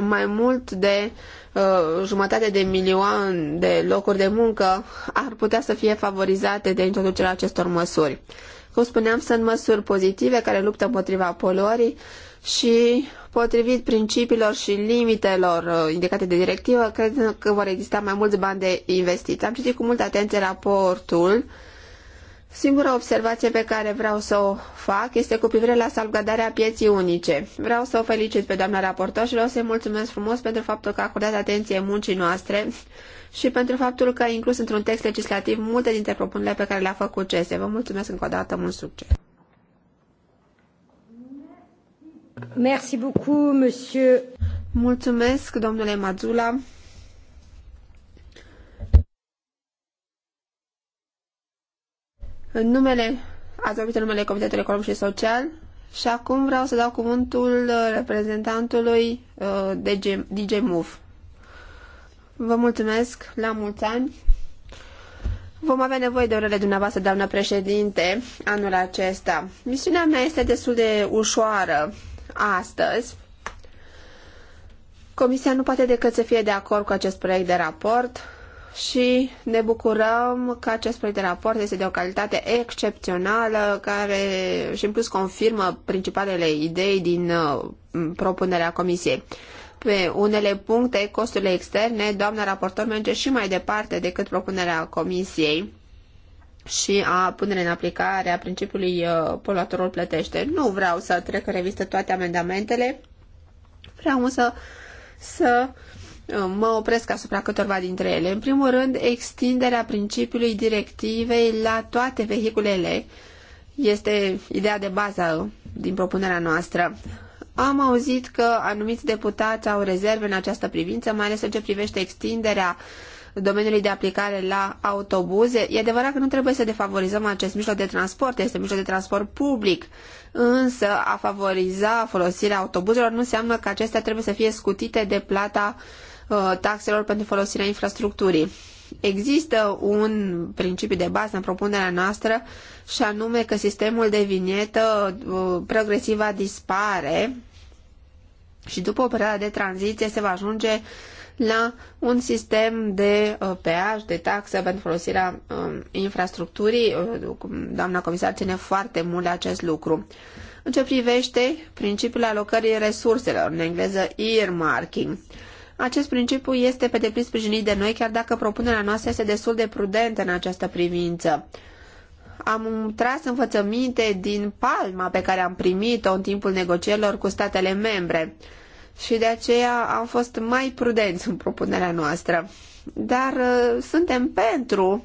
mai mult de uh, jumătate de milioane de locuri de muncă ar putea să fie favorizate de introducerea acestor măsuri. Cum spuneam, sunt măsuri pozitive care luptă împotriva poluării și potrivit principiilor și limitelor uh, indicate de directivă, cred că vor exista mai mulți bani de investit. Am citit cu multă atenție raportul uh, Singura observație pe care vreau să o fac este cu privire la salvgardarea pieții unice. Vreau să o felicit pe doamna raportor și vreau să-i mulțumesc frumos pentru faptul că a acordat atenție muncii noastre și pentru faptul că a inclus într-un text legislativ multe dintre propunerile pe care le-a făcut CESE. Vă mulțumesc încă o dată, mult succes! Merci beaucoup, monsieur. Mulțumesc, domnule Mazula. numele, ați vorbit în numele Comitetului Economic și Social și acum vreau să dau cuvântul uh, reprezentantului uh, DG, DJ Move. Vă mulțumesc, la mulți ani! Vom avea nevoie de orele dumneavoastră, doamnă președinte, anul acesta. Misiunea mea este destul de ușoară astăzi. Comisia nu poate decât să fie de acord cu acest proiect de raport și ne bucurăm că acest proiect de raport este de o calitate excepțională care și în plus confirmă principalele idei din uh, propunerea comisiei. Pe unele puncte, costurile externe, doamna raportor merge și mai departe decât propunerea comisiei și a punere în aplicare a principiului uh, poluatorul plătește. Nu vreau să trec în revistă toate amendamentele, vreau însă să, să Mă opresc asupra câtorva dintre ele. În primul rând, extinderea principiului directivei la toate vehiculele este ideea de bază din propunerea noastră. Am auzit că anumiți deputați au rezerve în această privință, mai ales în ce privește extinderea domeniului de aplicare la autobuze. E adevărat că nu trebuie să defavorizăm acest mijloc de transport, este mijloc de transport public, însă a favoriza folosirea autobuzelor nu înseamnă că acestea trebuie să fie scutite de plata uh, Uh, taxelor pentru folosirea infrastructurii. Există un principiu de bază în propunerea noastră și anume că sistemul de vinietă uh, progresiv va dispare și după o perioadă de tranziție se va ajunge la un sistem de uh, peaj, de taxă pentru folosirea um, infrastructurii. Doamna comisar ține foarte mult la acest lucru. În ce privește principiul alocării resurselor, în engleză earmarking, acest principiu este pe deplin sprijinit de noi, chiar dacă propunerea noastră este destul de prudentă în această privință. Am tras învățăminte din palma pe care am primit-o în timpul negocierilor cu statele membre și de aceea am fost mai prudenți în propunerea noastră. Dar uh, suntem pentru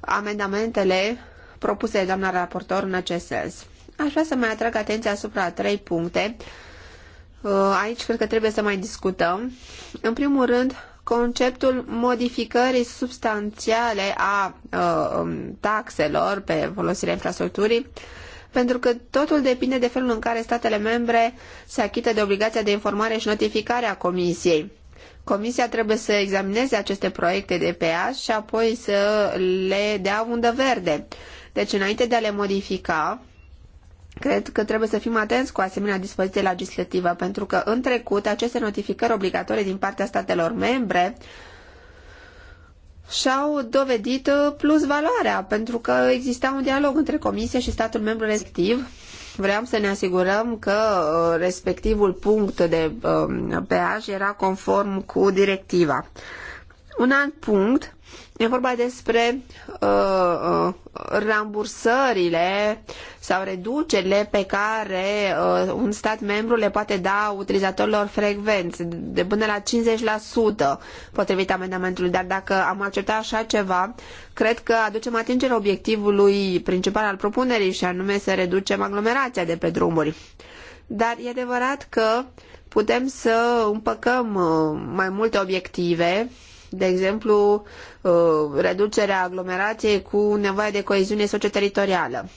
amendamentele propuse de doamna raportor în acest sens. Aș vrea să mai atrag atenția asupra trei puncte Uh, aici cred că trebuie să mai discutăm. În primul rând, conceptul modificării substanțiale a uh, um, taxelor pe folosirea infrastructurii, pentru că totul depinde de felul în care statele membre se achită de obligația de informare și notificare a Comisiei. Comisia trebuie să examineze aceste proiecte de peaj și apoi să le dea undă verde. Deci, înainte de a le modifica, Cred că trebuie să fim atenți cu asemenea dispoziție legislativă, pentru că în trecut aceste notificări obligatorii din partea statelor membre și-au dovedit uh, plus valoarea, pentru că exista un dialog între Comisie și statul membru respectiv. Vreau să ne asigurăm că uh, respectivul punct de um, peaj era conform cu directiva. Un alt punct E vorba despre uh, uh, rambursările sau reducerile pe care uh, un stat membru le poate da utilizatorilor frecvenți, de până la 50% potrivit amendamentului. Dar dacă am acceptat așa ceva, cred că aducem atingerea obiectivului principal al propunerii și anume să reducem aglomerația de pe drumuri. Dar e adevărat că putem să împăcăm uh, mai multe obiective de exemplu, uh, reducerea aglomerației cu nevoia de coeziune socioteritorială.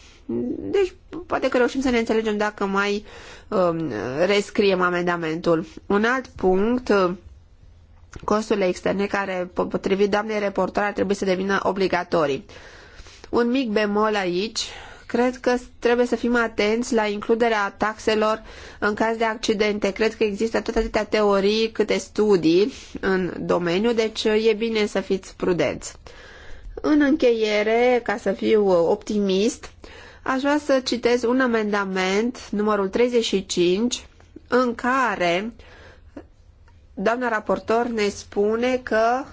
Deci, poate că reușim să ne înțelegem dacă mai um, rescriem amendamentul. Un alt punct, uh, costurile externe care, potrivit doamnei reportoare, ar trebui să devină obligatorii. Un mic bemol aici, Cred că trebuie să fim atenți la includerea taxelor în caz de accidente. Cred că există tot atâtea teorii câte studii în domeniu, deci e bine să fiți prudenți. În încheiere, ca să fiu optimist, aș vrea să citez un amendament, numărul 35, în care doamna raportor ne spune că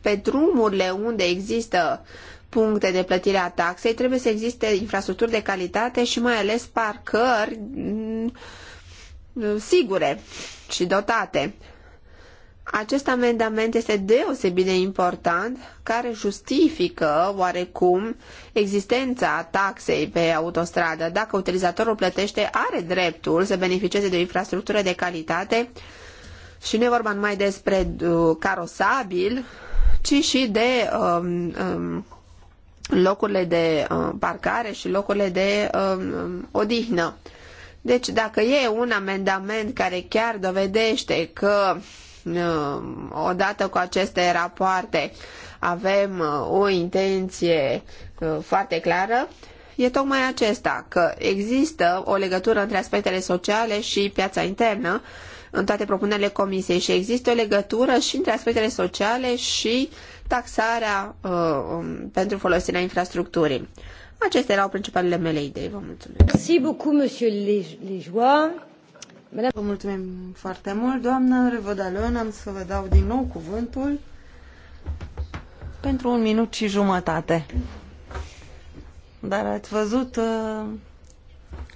pe drumurile unde există uh, puncte de plătire a taxei, trebuie să existe infrastructuri de calitate și mai ales parcări mm, sigure și dotate. Acest amendament este deosebit de important, care justifică oarecum existența taxei pe autostradă. Dacă utilizatorul plătește, are dreptul să beneficieze de o infrastructură de calitate și nu e vorba numai despre uh, carosabil, ci și de um, um, locurile de uh, parcare și locurile de um, um, odihnă. Deci dacă e un amendament care chiar dovedește că uh, odată cu aceste rapoarte avem uh, o intenție foarte clară, e tocmai acesta, că există o legătură între aspectele sociale și piața internă în toate propunerile comisiei și există o legătură și între aspectele sociale și uh, taxarea uh, um, pentru folosirea infrastructurii. Acestea erau principalele mele idei. Vă mulțumesc. Merci beaucoup, monsieur Lejoie. Vă mulțumim foarte mult, doamnă Revodalon. Am să vă dau din nou cuvântul pentru un minut și jumătate. Dar ați văzut, uh,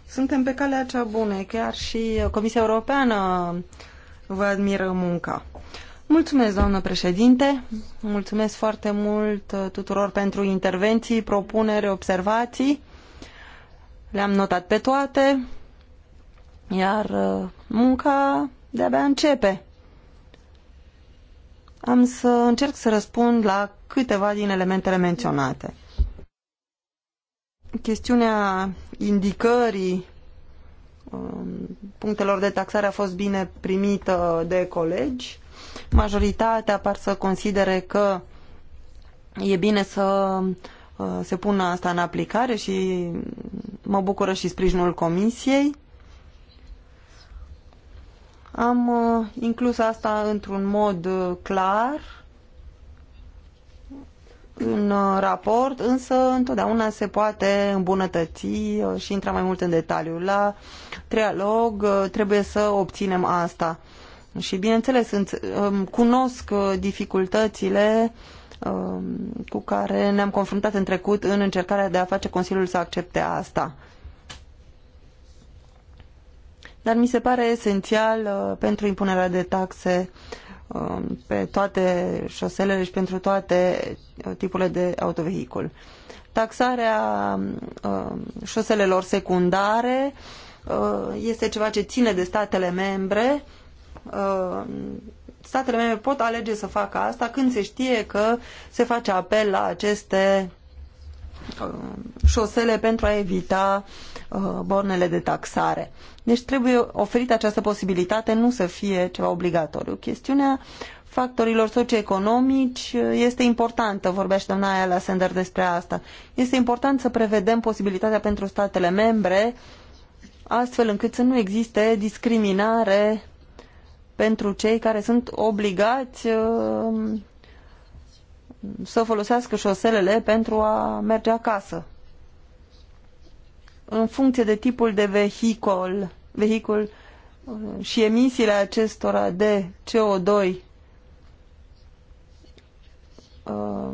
suntem pe calea cea bună. Chiar și Comisia Europeană vă admiră munca. Mulțumesc, doamnă președinte. Mulțumesc foarte mult uh, tuturor pentru intervenții, propuneri, observații. Le-am notat pe toate, iar uh, munca de-abia începe. Am să încerc să răspund la câteva din elementele menționate. Chestiunea indicării um, punctelor de taxare a fost bine primită de colegi Majoritatea par să considere că e bine să uh, se pună asta în aplicare și mă bucură și sprijinul comisiei. Am uh, inclus asta într-un mod uh, clar în raport, însă întotdeauna se poate îmbunătăți și intra mai mult în detaliu. La trialog trebuie să obținem asta. Și bineînțeles, sunt, um, cunosc uh, dificultățile um, cu care ne-am confruntat în trecut în încercarea de a face Consiliul să accepte asta. Dar mi se pare esențial uh, pentru impunerea de taxe um, pe toate șoselele și pentru toate uh, tipurile de autovehicul. Taxarea șoselelor secundare este ceva ce ține de statele membre Uh, statele membre pot alege să facă asta când se știe că se face apel la aceste uh, șosele pentru a evita uh, bornele de taxare. Deci trebuie oferită această posibilitate, nu să fie ceva obligatoriu. Chestiunea factorilor socioeconomici este importantă, vorbea și doamna aia la Sender despre asta. Este important să prevedem posibilitatea pentru statele membre astfel încât să nu existe discriminare pentru cei care sunt obligați uh, să folosească șoselele pentru a merge acasă. În funcție de tipul de vehicol, vehicul uh, și emisiile acestora de CO2 uh,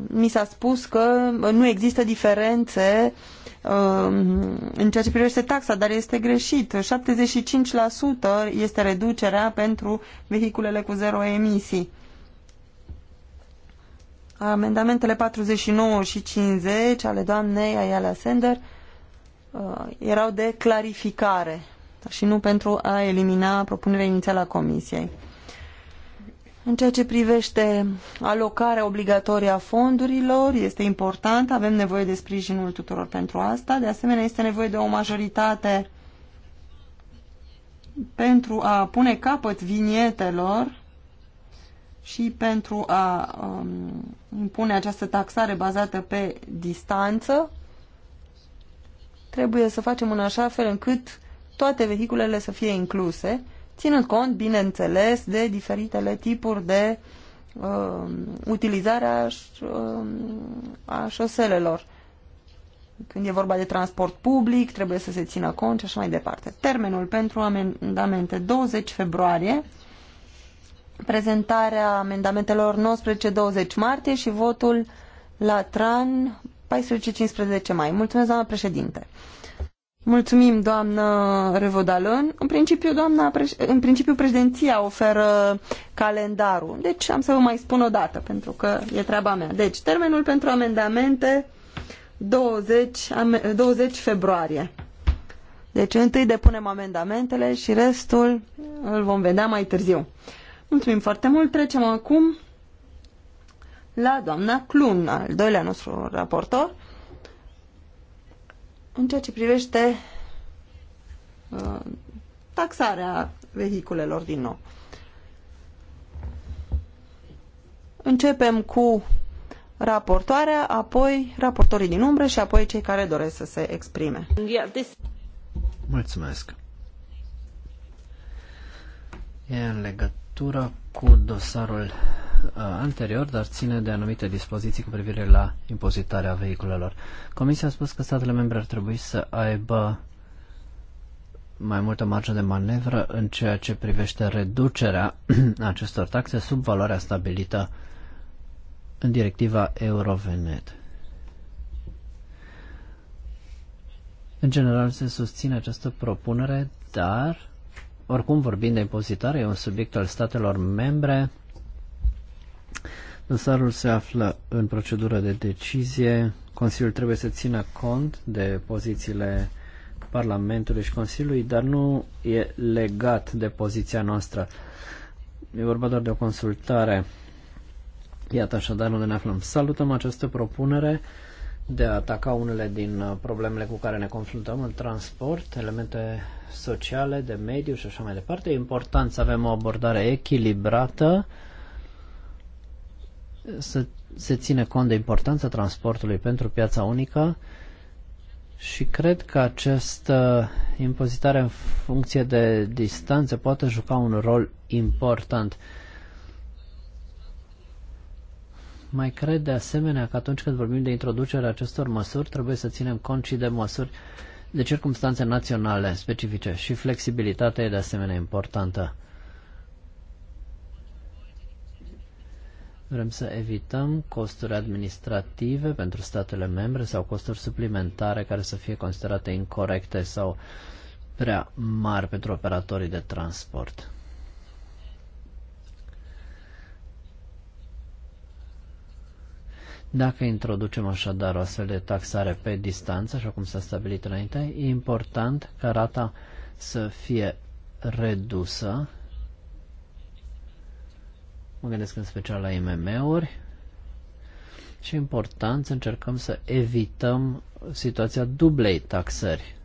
mi s-a spus că nu există diferențe Um, în ceea ce privește taxa, dar este greșit. 75% este reducerea pentru vehiculele cu zero emisii. Amendamentele 49 și 50 ale doamnei Ayala Sender uh, erau de clarificare și nu pentru a elimina propunerea inițială a Comisiei. În ceea ce privește alocarea obligatorie a fondurilor, este important, avem nevoie de sprijinul tuturor pentru asta. De asemenea, este nevoie de o majoritate pentru a pune capăt vinietelor și pentru a um, impune această taxare bazată pe distanță, trebuie să facem în așa fel încât toate vehiculele să fie incluse ținând cont, bineînțeles, de diferitele tipuri de uh, utilizare a, uh, a șoselelor. Când e vorba de transport public, trebuie să se țină cont și așa mai departe. Termenul pentru amendamente 20 februarie, prezentarea amendamentelor 19-20 martie și votul la TRAN 14-15 mai. Mulțumesc, doamna președinte! Mulțumim, doamnă Revodalon. În principiu, doamna, în principiu președinția oferă calendarul. Deci am să vă mai spun o dată, pentru că e treaba mea. Deci, termenul pentru amendamente 20, 20 februarie. Deci întâi depunem amendamentele și restul îl vom vedea mai târziu. Mulțumim foarte mult. Trecem acum la doamna Clun, al doilea nostru raportor. În ceea ce privește uh, taxarea vehiculelor din nou. Începem cu raportoarea, apoi raportorii din umbră și apoi cei care doresc să se exprime. Mulțumesc. E în legătură cu dosarul Uh, anterior, dar ține de anumite dispoziții cu privire la impozitarea vehiculelor. Comisia a spus că statele membre ar trebui să aibă mai multă marge de manevră în ceea ce privește reducerea (clears throat) acestor taxe sub valoarea stabilită în directiva Eurovenet. În general se susține această propunere, dar oricum vorbind de impozitare, e un subiect al statelor membre Dosarul se află în procedură de decizie. Consiliul trebuie să țină cont de pozițiile Parlamentului și Consiliului, dar nu e legat de poziția noastră. E vorba doar de o consultare. Iată așadar unde ne aflăm. Salutăm această propunere de a ataca unele din problemele cu care ne confruntăm în transport, elemente sociale, de mediu și așa mai departe. E important să avem o abordare echilibrată să se ține cont de importanța transportului pentru piața unică și cred că această impozitare în funcție de distanță poate juca un rol important. Mai cred de asemenea că atunci când vorbim de introducerea acestor măsuri, trebuie să ținem cont și de măsuri de circumstanțe naționale specifice și flexibilitatea e de asemenea importantă. Vrem să evităm costuri administrative pentru statele membre sau costuri suplimentare care să fie considerate incorrecte sau prea mari pentru operatorii de transport. Dacă introducem așadar o astfel de taxare pe distanță, așa cum s-a stabilit înainte, e important ca rata să fie redusă Mă gândesc în special la IMM-uri și important să încercăm să evităm situația dublei taxări.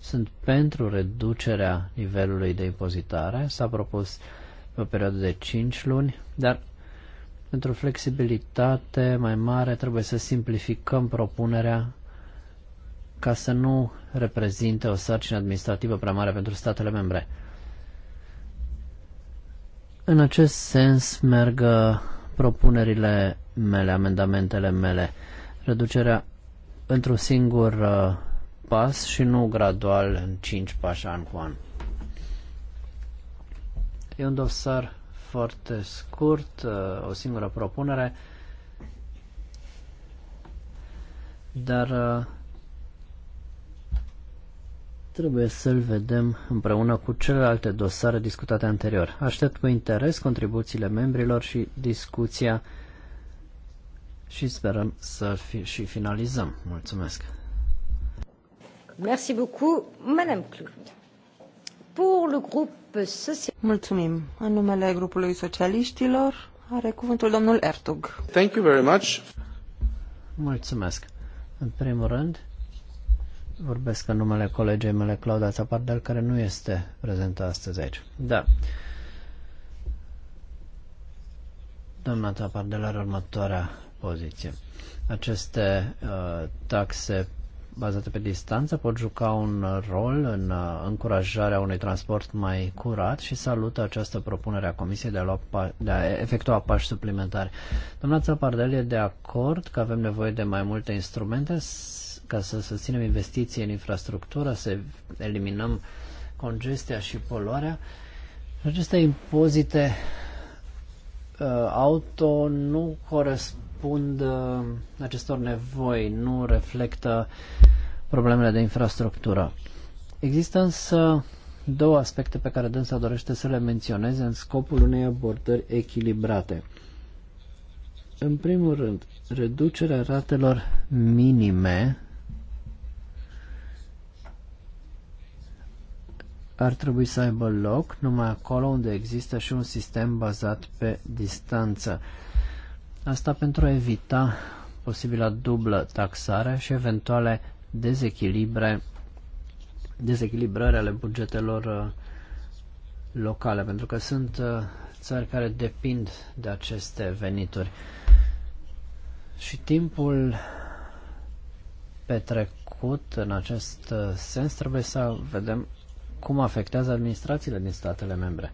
Sunt pentru reducerea nivelului de impozitare, s-a propus pe o perioadă de 5 luni, dar pentru flexibilitate mai mare trebuie să simplificăm propunerea ca să nu reprezinte o sarcină administrativă prea mare pentru statele membre. În acest sens merg uh, propunerile mele, amendamentele mele. Reducerea într-un singur uh, pas și nu gradual în 5 pași an cu an. E un dosar foarte scurt, uh, o singură propunere, dar uh, trebuie să-l vedem împreună cu celelalte dosare discutate anterior. Aștept cu interes contribuțiile membrilor și discuția și sperăm să fi, și finalizăm. Mulțumesc! Merci beaucoup, Madame Claude. Pour le groupe social... Mulțumim. În numele grupului socialiștilor are cuvântul domnul Ertug. Thank you very much. Mulțumesc. În primul rând, vorbesc în numele colegei mele, Claudia Zapardel care nu este prezentă astăzi aici. Da. Doamna Zapardel are următoarea poziție. Aceste uh, taxe bazate pe distanță pot juca un rol în uh, încurajarea unui transport mai curat și salută această propunere a Comisiei de a, lua, de a efectua pași suplimentari. Doamna Zapardel e de acord că avem nevoie de mai multe instrumente ca să susținem investiții în infrastructură, să eliminăm congestia și poluarea. Aceste impozite uh, auto nu corespund uh, acestor nevoi, nu reflectă problemele de infrastructură. Există însă două aspecte pe care dânsa dorește să le menționeze în scopul unei abordări echilibrate. În primul rând, reducerea ratelor minime ar trebui să aibă loc numai acolo unde există și un sistem bazat pe distanță. Asta pentru a evita posibila dublă taxare și eventuale dezechilibre, dezechilibrări ale bugetelor uh, locale, pentru că sunt uh, țări care depind de aceste venituri. Și timpul petrecut în acest uh, sens trebuie să vedem cum afectează administrațiile din statele membre.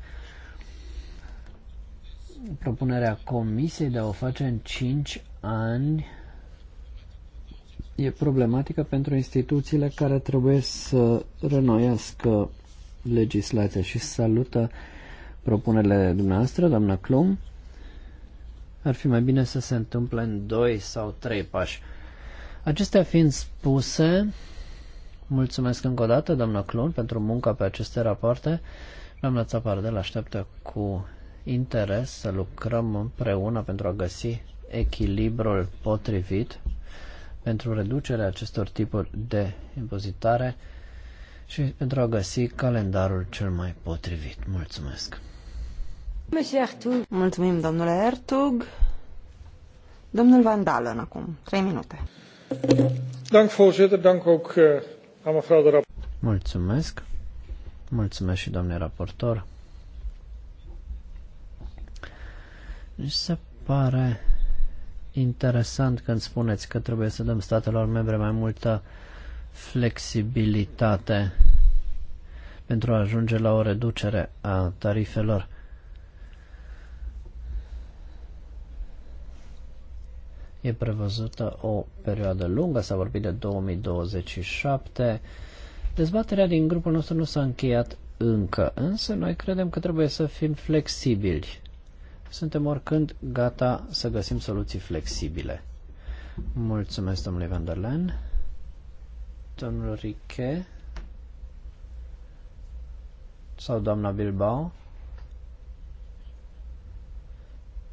Propunerea Comisiei de a o face în 5 ani e problematică pentru instituțiile care trebuie să renoiască legislația și salută propunerile dumneavoastră, doamna Clum. Ar fi mai bine să se întâmple în 2 sau 3 pași. Acestea fiind spuse, Mulțumesc încă o dată, doamnă Clun, pentru munca pe aceste rapoarte. Doamna Țapardel așteaptă cu interes să lucrăm împreună pentru a găsi echilibrul potrivit pentru reducerea acestor tipuri de impozitare și pentru a găsi calendarul cel mai potrivit. Mulțumesc! Mulțumim, domnule Ertug. Domnul Van Dalen acum, trei minute. Dank, voorzitter. Dank ook, uh... Mulțumesc. Mulțumesc și domnule raportor. Mi se pare interesant când spuneți că trebuie să dăm statelor membre mai multă flexibilitate pentru a ajunge la o reducere a tarifelor. E prevăzută o perioadă lungă, s-a vorbit de 2027. Dezbaterea din grupul nostru nu s-a încheiat încă, însă noi credem că trebuie să fim flexibili. Suntem oricând gata să găsim soluții flexibile. Mulțumesc, domnule Van der Leyen. Domnul Riche sau doamna Bilbao.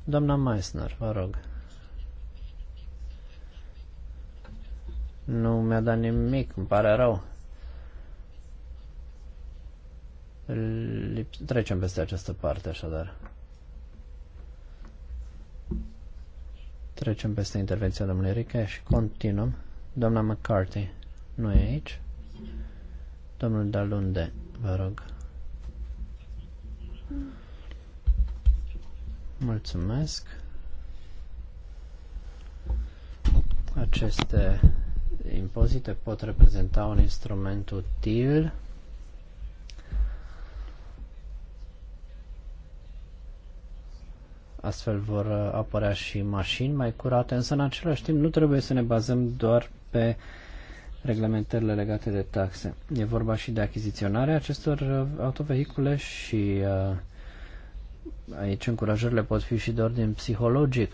Doamna Meissner, vă rog. Nu mi-a dat nimic, îmi pare rău. trecem peste această parte, așadar. Trecem peste intervenția domnului Rica și continuăm. Doamna McCarthy nu e aici. Domnul Dalunde, vă rog. Mulțumesc. Aceste impozite pot reprezenta un instrument util Astfel vor apărea și mașini mai curate, însă în același timp nu trebuie să ne bazăm doar pe reglementările legate de taxe. E vorba și de achiziționarea acestor autovehicule și uh, aici încurajările pot fi și de ordin psihologic.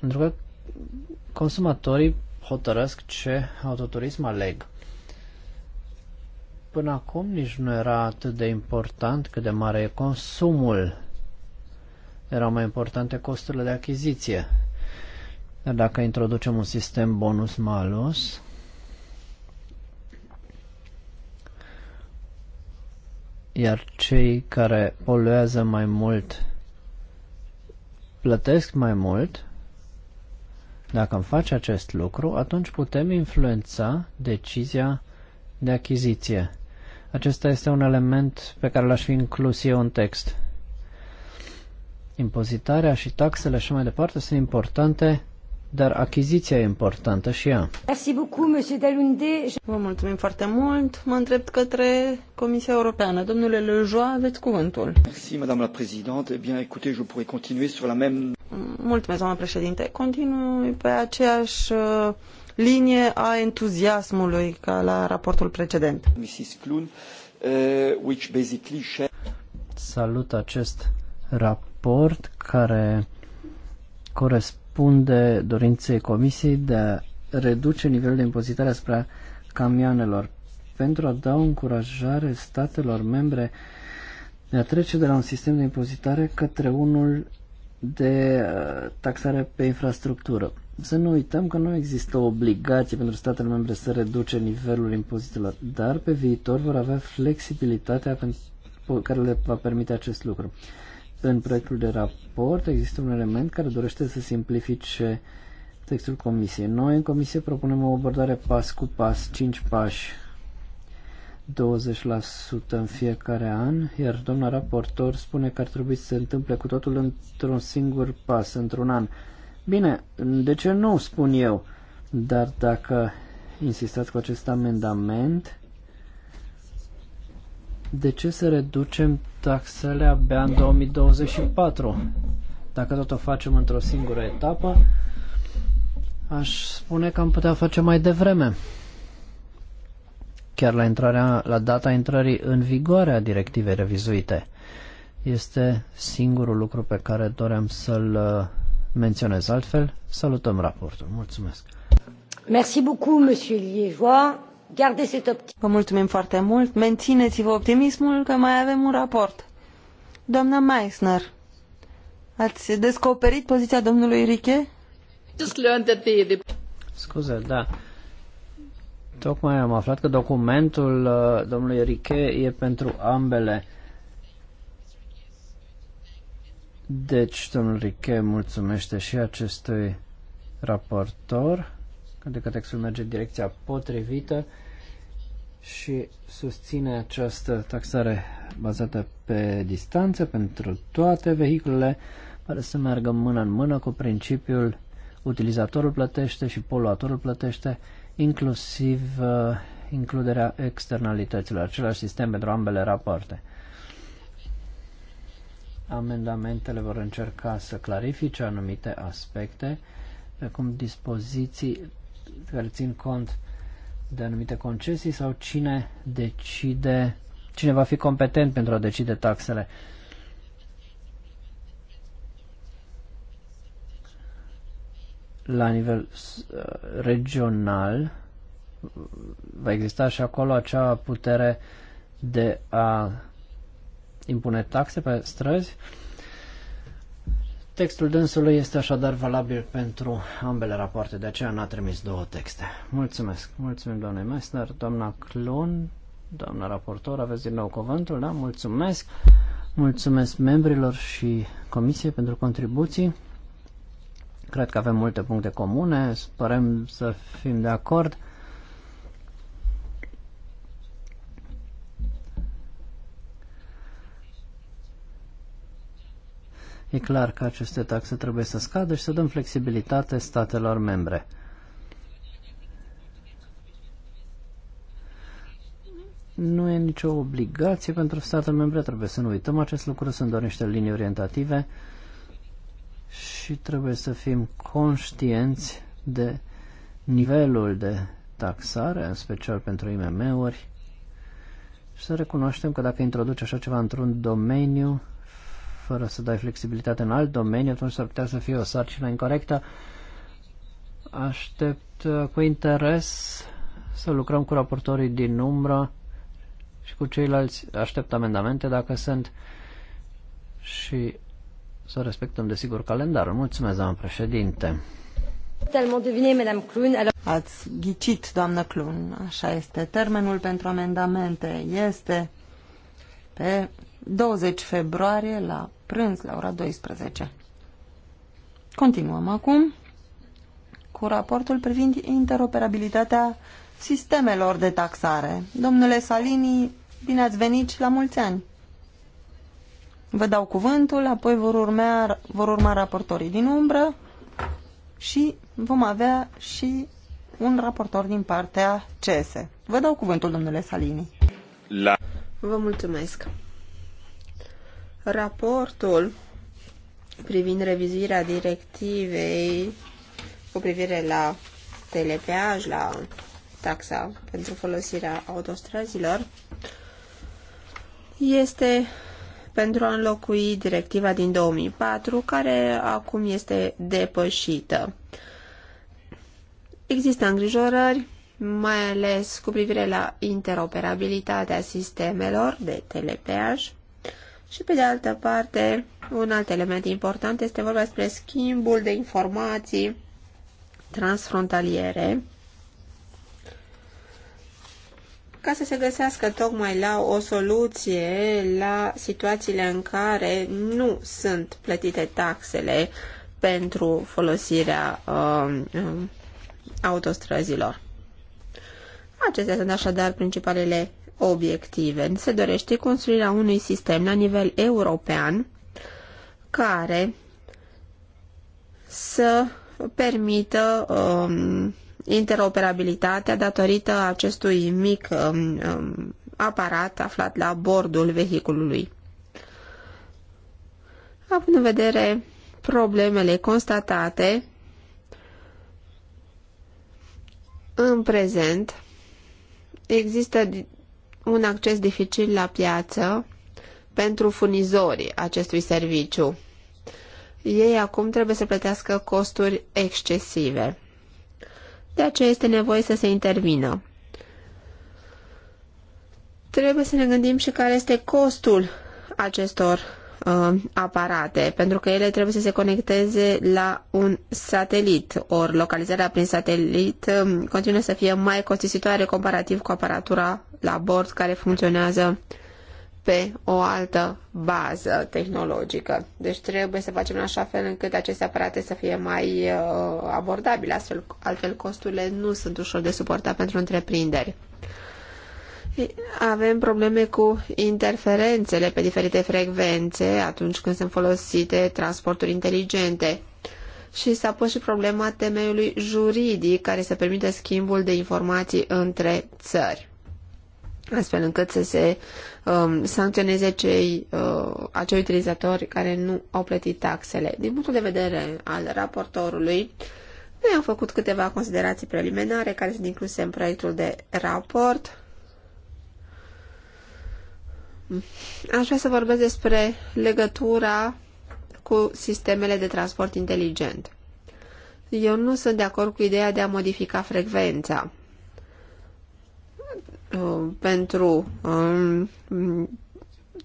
Pentru că consumatorii hotărăsc ce autoturism aleg. Până acum nici nu era atât de important cât de mare e consumul. Erau mai importante costurile de achiziție. Dar dacă introducem un sistem bonus-malus, iar cei care poluează mai mult plătesc mai mult, dacă am face acest lucru, atunci putem influența decizia de achiziție. Acesta este un element pe care l-aș fi inclus eu în text. Impozitarea și taxele și mai departe sunt importante dar achiziția e importantă și ea. Merci beaucoup, monsieur Dalunde. Vă mulțumim foarte mult. Mă întreb către Comisia Europeană. Domnule Lejoa, aveți cuvântul. Merci, madame la présidente. Eh bien, écoutez, je pourrais continuer sur la même... Mulțumesc, doamna președinte. Continui pe aceeași uh, linie a entuziasmului ca la raportul precedent. Mrs. Clun, uh, which basically... Salut acest raport care corespunde răspunde dorinței Comisiei de a reduce nivelul de impozitare asupra camioanelor pentru a da o încurajare statelor membre de a trece de la un sistem de impozitare către unul de uh, taxare pe infrastructură. Să nu uităm că nu există o obligație pentru statele membre să reduce nivelul impozitelor, dar pe viitor vor avea flexibilitatea care le va permite acest lucru. În proiectul de raport există un element care dorește să simplifice textul comisiei. Noi în comisie propunem o abordare pas cu pas, 5 pași, 20% în fiecare an, iar doamna raportor spune că ar trebui să se întâmple cu totul într-un singur pas, într-un an. Bine, de ce nu, spun eu, dar dacă insistați cu acest amendament, de ce să reducem taxele abia în 2024? Dacă tot o facem într-o singură etapă, aș spune că am putea face mai devreme. Chiar la, intrarea, la data intrării în vigoare a directivei revizuite. Este singurul lucru pe care doream să-l uh, menționez. Altfel, salutăm raportul. Mulțumesc! Merci beaucoup, monsieur Liégeois. Vă mulțumim foarte mult. Mențineți-vă optimismul că mai avem un raport. Doamna Meissner, ați descoperit poziția domnului Riche? Scuze, da. Tocmai am aflat că documentul uh, domnului Riche e pentru ambele. Deci, domnul Riche mulțumește și acestui raportor cred că textul merge în direcția potrivită și susține această taxare bazată pe distanță pentru toate vehiculele, pare să meargă mână în mână cu principiul utilizatorul plătește și poluatorul plătește, inclusiv uh, includerea externalităților, același sistem pentru ambele rapoarte. Amendamentele vor încerca să clarifice anumite aspecte, precum dispoziții care țin cont de anumite concesii sau cine decide, cine va fi competent pentru a decide taxele. La nivel uh, regional va exista și acolo acea putere de a impune taxe pe străzi. Uh, Textul dânsului este așadar valabil pentru ambele rapoarte, de aceea n-a trimis două texte. Mulțumesc. Mulțumim, doamne Mester, doamna Clon, doamna raportor, aveți din nou cuvântul, da? Mulțumesc. Mulțumesc membrilor și comisiei pentru contribuții. Cred că avem multe puncte comune, sperăm să fim de acord. E clar că aceste taxe trebuie să scadă și să dăm flexibilitate statelor membre. Nu e nicio obligație pentru statele membre, trebuie să nu uităm acest lucru, sunt doar niște linii orientative și trebuie să fim conștienți de nivelul de taxare, în special pentru IMM-uri, și să recunoaștem că dacă introduci așa ceva într-un domeniu, fără să dai flexibilitate în alt domeniu, atunci s-ar putea să fie o sarcină incorrectă. Aștept uh, cu interes să lucrăm cu raportorii din umbră și cu ceilalți. Aștept amendamente dacă sunt și să respectăm, desigur, calendarul. Mulțumesc, doamnă președinte. Ați ghicit, doamnă Clun, așa este. Termenul pentru amendamente este pe 20 februarie la prânz la ora 12. Continuăm acum cu raportul privind interoperabilitatea sistemelor de taxare. Domnule Salini, bine ați venit și la mulți ani! Vă dau cuvântul, apoi vor urma, vor urma raportorii din umbră și vom avea și un raportor din partea CESE. Vă dau cuvântul, domnule Salini. La... Vă mulțumesc! Raportul privind revizuirea directivei cu privire la telepeaj, la taxa pentru folosirea autostrăzilor, este pentru a înlocui directiva din 2004, care acum este depășită. Există îngrijorări, mai ales cu privire la interoperabilitatea sistemelor de telepeaj, și pe de altă parte, un alt element important este vorba despre schimbul de informații transfrontaliere ca să se găsească tocmai la o soluție la situațiile în care nu sunt plătite taxele pentru folosirea uh, autostrăzilor. Acestea sunt așadar principalele obiective. Se dorește construirea unui sistem la nivel european care să permită um, interoperabilitatea datorită acestui mic um, um aparat aflat la bordul vehiculului. Având în vedere problemele constatate în prezent, există un acces dificil la piață pentru furnizorii acestui serviciu. Ei acum trebuie să plătească costuri excesive. De aceea este nevoie să se intervină. Trebuie să ne gândim și care este costul acestor uh, aparate, pentru că ele trebuie să se conecteze la un satelit, ori localizarea prin satelit uh, continuă să fie mai costisitoare comparativ cu aparatura la bord care funcționează pe o altă bază tehnologică. Deci trebuie să facem în așa fel încât aceste aparate să fie mai uh, abordabile, astfel, altfel costurile nu sunt ușor de suportat pentru întreprinderi. Avem probleme cu interferențele pe diferite frecvențe atunci când sunt folosite transporturi inteligente. Și s-a pus și problema temeiului juridic care să permite schimbul de informații între țări astfel încât să se um, sancționeze cei, uh, acei utilizatori care nu au plătit taxele. Din punctul de vedere al raportorului, noi am făcut câteva considerații preliminare care sunt incluse în proiectul de raport. Aș vrea să vorbesc despre legătura cu sistemele de transport inteligent. Eu nu sunt de acord cu ideea de a modifica frecvența. Uh, pentru um,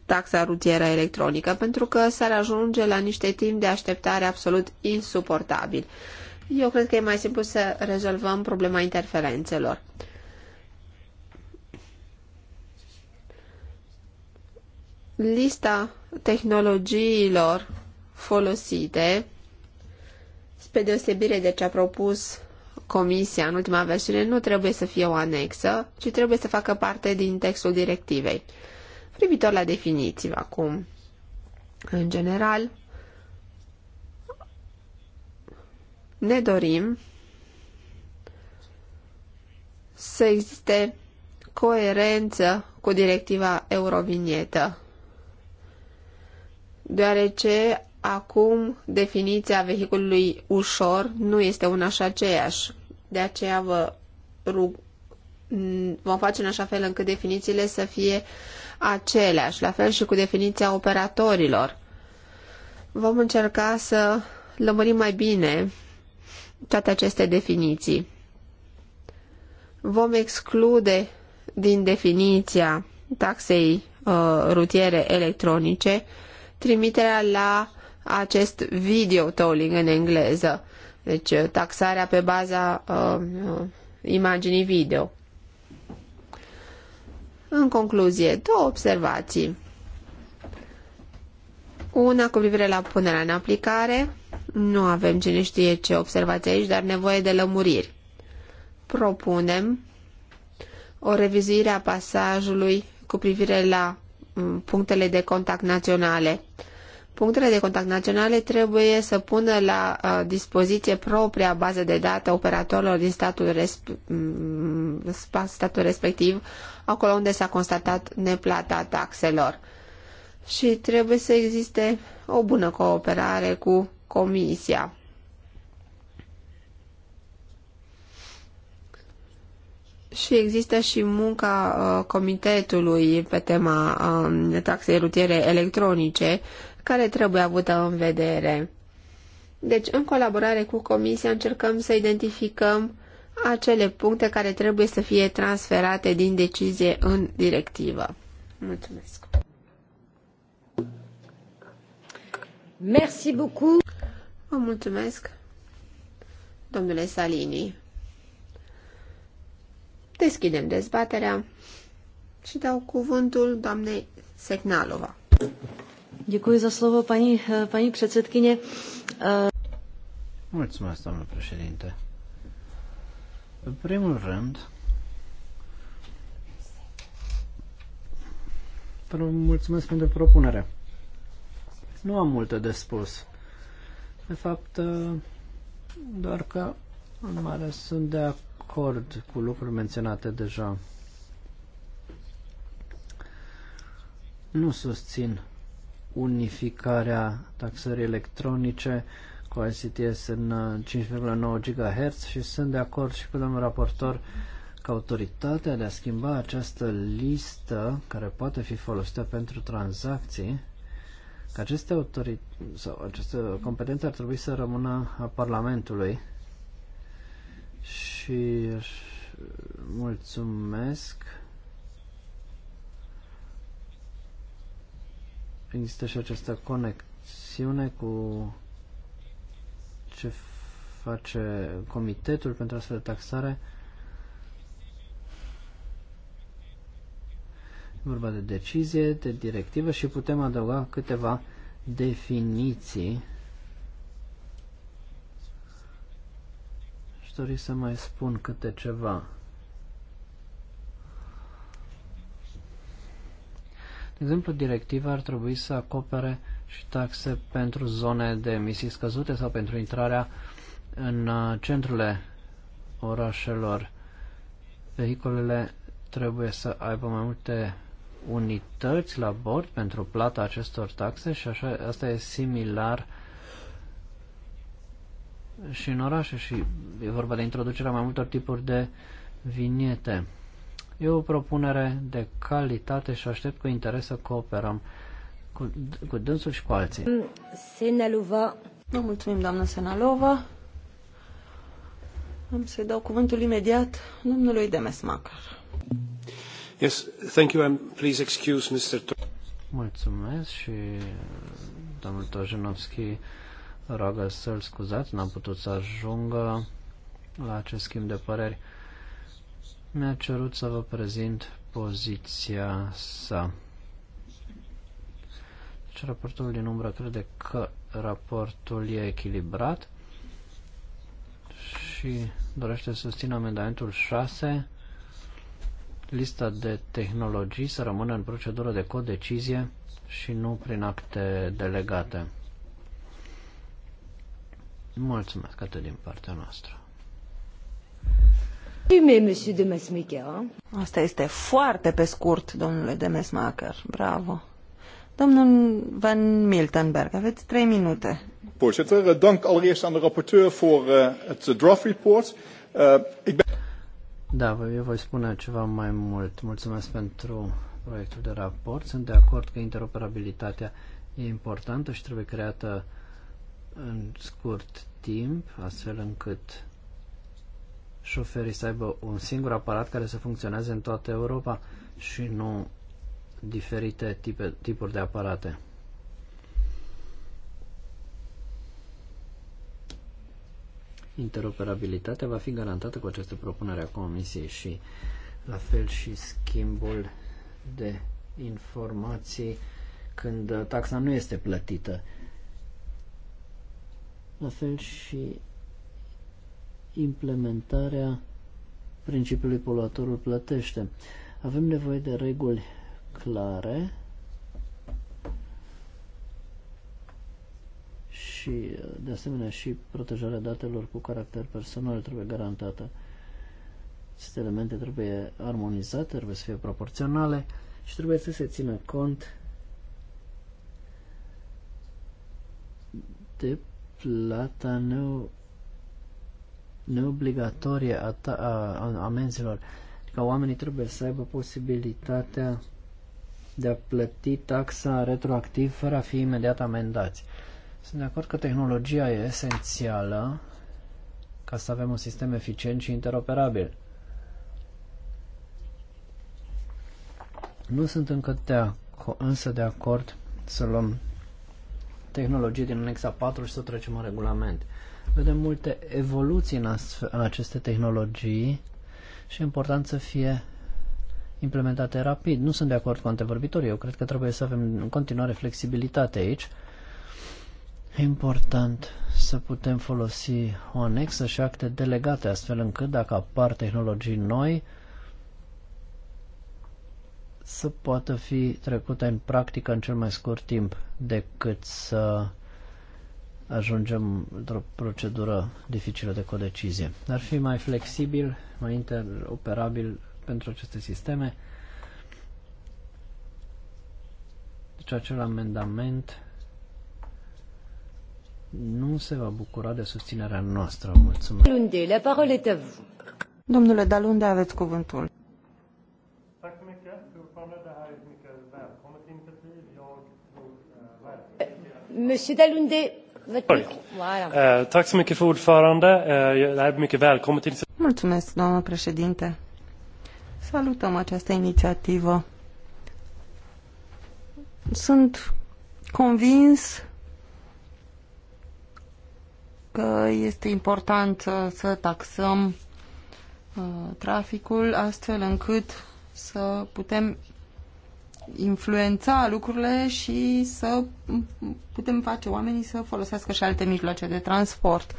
taxa rutieră electronică, pentru că s-ar ajunge la niște timp de așteptare absolut insuportabil. Eu cred că e mai simplu să rezolvăm problema interferențelor. Lista tehnologiilor folosite, spre deosebire de ce a propus Comisia în ultima versiune nu trebuie să fie o anexă, ci trebuie să facă parte din textul directivei. Privitor la definiții acum, în general, ne dorim să existe coerență cu directiva Eurovinietă, deoarece acum definiția vehiculului ușor nu este una și aceeași de aceea vă rug, vom face în așa fel încât definițiile să fie aceleași, la fel și cu definiția operatorilor. Vom încerca să lămurim mai bine toate aceste definiții. Vom exclude din definiția taxei uh, rutiere electronice trimiterea la acest video tolling în engleză. Deci uh, taxarea pe baza uh, uh, imaginii video. În concluzie, două observații. Una cu privire la punerea în aplicare. Nu avem cine știe ce observații aici, dar nevoie de lămuriri. Propunem o revizuire a pasajului cu privire la mm, punctele de contact naționale Punctele de contact naționale trebuie să pună la uh, dispoziție propria bază de date operatorilor din statul, resp- mm, statul respectiv, acolo unde s-a constatat neplata taxelor. Și trebuie să existe o bună cooperare cu Comisia. Și există și munca uh, comitetului pe tema uh, taxei rutiere electronice care trebuie avută în vedere. Deci, în colaborare cu Comisia, încercăm să identificăm acele puncte care trebuie să fie transferate din decizie în directivă. Mulțumesc! Merci beaucoup! Vă mulțumesc, domnule Salini. Deschidem dezbaterea și dau cuvântul doamnei Segnalova. Děkuji za slovo, paní, paní předsedkyně. Mulțumesc, doamnă președinte. În primul rând, vă mulțumesc pentru propunere. Nu am multe de spus. De fapt, doar că în mare sunt de acord cu lucruri menționate deja. Nu susțin unificarea taxării electronice cu ICTS în 5,9 uh, GHz și sunt de acord și cu domnul raportor că autoritatea de a schimba această listă care poate fi folosită pentru tranzacții, că aceste autorități, sau această competență ar trebui să rămână a Parlamentului și mulțumesc există și această conexiune cu ce face Comitetul pentru astfel de taxare. E vorba de decizie, de directivă și putem adăuga câteva definiții. Aș dori să mai spun câte ceva. De exemplu, directiva ar trebui să acopere și taxe pentru zone de emisii scăzute sau pentru intrarea în uh, centrele orașelor. Vehiculele trebuie să aibă mai multe unități la bord pentru plata acestor taxe și așa, asta e similar și în orașe și e vorba de introducerea mai multor tipuri de viniete. E o propunere de calitate și aștept cu interes să cooperăm cu, cu dânsul și cu alții. Mm, Senalova. Vă mulțumim, doamnă Senalova. Am să-i dau cuvântul imediat domnului Demesmacher. Yes, thank you, and please excuse Mr. To- Mulțumesc și domnul Tojenovski roagă să-l scuzați, n-am putut să ajungă la acest schimb de păreri mi-a cerut să vă prezint poziția sa. Deci raportul din umbră crede că raportul e echilibrat și dorește să susțină amendamentul 6 lista de tehnologii să rămână în procedură de codecizie și nu prin acte delegate. Mulțumesc atât din partea noastră. Asta este foarte pe scurt, domnule Demesmacher. Bravo. Domnul Van Miltenberg, aveți trei minute. Voorzitter, eh, dank allereerst aan de rapporteur voor eh, het eh, draft report. Ik ben... Da, eu voi spune ceva mai mult. Mulțumesc pentru proiectul de raport. Sunt de acord că interoperabilitatea e importantă și trebuie creată în scurt timp, astfel încât șoferii să aibă un singur aparat care să funcționeze în toată Europa și nu diferite tipe, tipuri de aparate. Interoperabilitatea va fi garantată cu această propunere a Comisiei și la fel și schimbul de informații când taxa nu este plătită. La fel și implementarea principiului poluatorul plătește. Avem nevoie de reguli clare și, de asemenea, și protejarea datelor cu caracter personal trebuie garantată. Aceste elemente trebuie armonizate, trebuie să fie proporționale și trebuie să se țină cont de plata neo neobligatorie a, ta, a amenzilor, ca oamenii trebuie să aibă posibilitatea de a plăti taxa retroactiv fără a fi imediat amendați. Sunt de acord că tehnologia e esențială ca să avem un sistem eficient și interoperabil. Nu sunt încă de însă de acord să luăm tehnologie din anexa 4 și să o trecem în regulament. Vedem multe evoluții în, în aceste tehnologii și e important să fie implementate rapid. Nu sunt de acord cu antevorbitorii, eu cred că trebuie să avem în continuare flexibilitate aici. E important să putem folosi o anexă și acte delegate, astfel încât dacă apar tehnologii noi, să poată fi trecute în practică în cel mai scurt timp decât să ajungem într-o procedură dificilă de codecizie. Ar fi mai flexibil, mai interoperabil pentru aceste sisteme. Deci acel amendament nu se va bucura de susținerea noastră. Mulțumesc. Lunde, parole Domnule Dalunde, aveți cuvântul. Monsieur Dalunde, Mulțumesc, doamnă președinte. Salutăm această inițiativă. Sunt convins că este important să taxăm eh, traficul astfel încât să putem influența lucrurile și să putem face oamenii să folosească și alte mijloace de transport.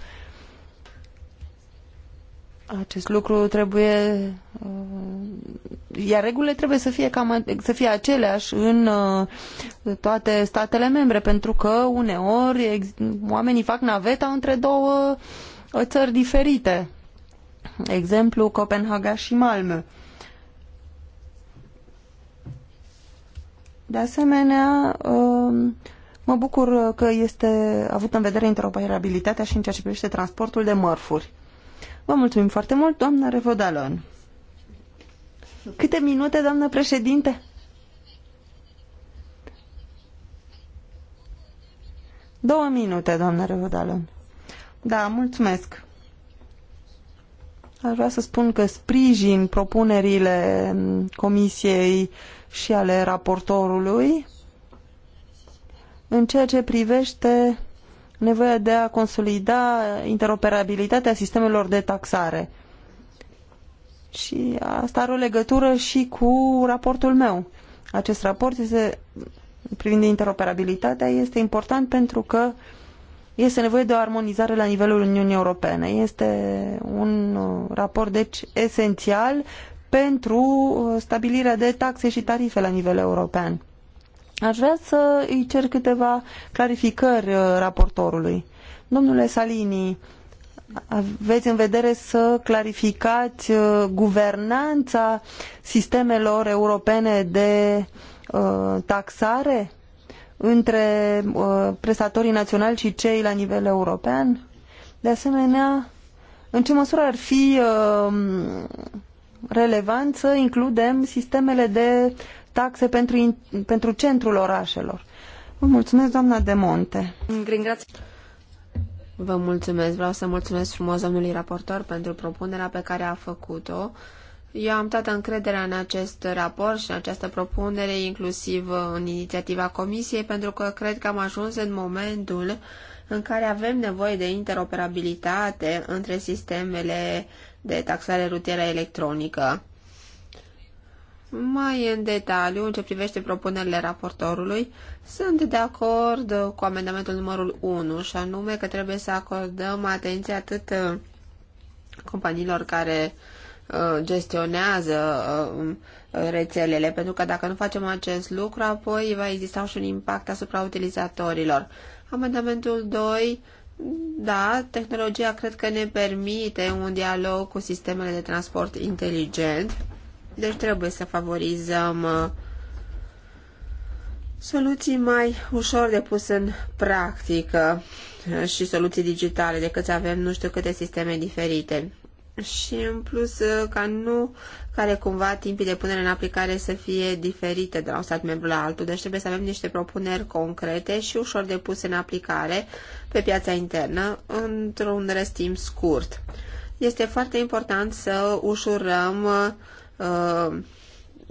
Acest lucru trebuie... Uh, iar regulile trebuie să fie, cam, să fie aceleași în uh, toate statele membre, pentru că uneori oamenii fac naveta între două uh, țări diferite. Exemplu Copenhaga și Malmö De asemenea, um, mă bucur că este avut în vedere interoperabilitatea și în ceea ce privește transportul de mărfuri. Vă mulțumim foarte mult, doamna Revodalon. Câte minute, doamnă președinte? Două minute, doamnă Revodalon. Da, mulțumesc. Aș vrea să spun că sprijin propunerile um, Comisiei uh, și ale raportorului în ceea ce privește nevoia de a consolida interoperabilitatea sistemelor de taxare. Și asta are o legătură și cu raportul meu. Acest raport este, privind interoperabilitatea este important pentru că este nevoie de o armonizare la nivelul Uniunii Europene. Este un uh, raport, deci, esențial pentru uh, stabilirea de taxe și tarife la nivel european. Aș vrea să îi cer câteva clarificări uh, raportorului. Domnule Salini, aveți în vedere să clarificați uh, guvernanța sistemelor europene de taxare între prestatorii naționali și cei la nivel european? De asemenea, în ce măsură ar fi relevant să includem sistemele de taxe pentru, pentru centrul orașelor. Vă mulțumesc, doamna De Monte. Vă mulțumesc. Vreau să mulțumesc frumos domnului raportor pentru propunerea pe care a făcut-o. Eu am toată încrederea în acest raport și în această propunere, inclusiv în inițiativa Comisiei, pentru că cred că am ajuns în momentul în care avem nevoie de interoperabilitate între sistemele de taxare rutieră electronică. Mai în detaliu, în ce privește propunerile raportorului, sunt de acord cu amendamentul numărul 1, și anume că trebuie să acordăm atenție atât uh, companiilor care uh, gestionează uh, rețelele, pentru că dacă nu facem acest lucru, apoi va exista și un impact asupra utilizatorilor. Amendamentul 2 da, tehnologia cred că ne permite un dialog cu sistemele de transport inteligent, deci trebuie să favorizăm uh, soluții mai ușor de pus în practică uh, și soluții digitale decât să avem nu știu câte sisteme diferite și în plus uh, ca nu care cumva timpii de punere în aplicare să fie diferite de la un stat membru la altul, deci trebuie să avem niște propuneri concrete și ușor de puse în aplicare pe piața internă într-un rest timp scurt. Este foarte important să ușurăm uh,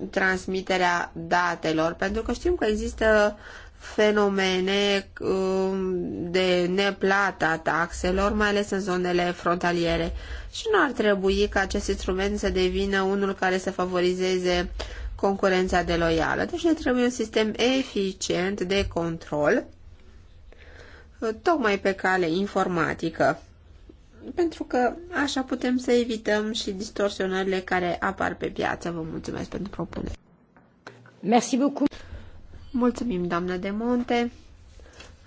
transmiterea datelor, pentru că știm că există uh, fenomene um, de neplata taxelor, mai ales în zonele frontaliere. Și nu ar trebui ca acest instrument să devină unul care să favorizeze concurența deloială. Deci ne trebuie un sistem eficient de control, uh, tocmai pe cale informatică, pentru că așa putem să evităm și distorsionările care apar pe piață. Vă mulțumesc pentru propunere. Merci beaucoup. Mulțumim, doamnă de Monte.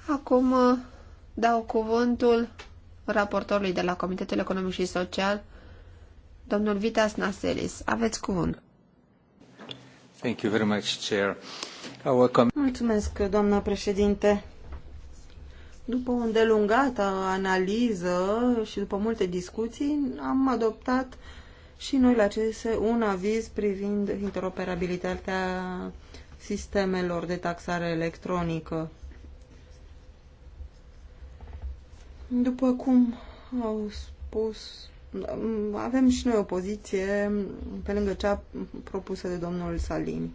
Acum uh, dau cuvântul raportorului de la Comitetul Economic și Social, domnul Vitas Naselis. Aveți cuvânt. Thank you very much, Chair. Mulțumesc, doamnă președinte. După o îndelungată analiză și după multe discuții, am adoptat și noi la CESE un aviz privind interoperabilitatea sistemelor de taxare electronică. După cum au spus, avem și noi o poziție pe lângă cea propusă de domnul Salini.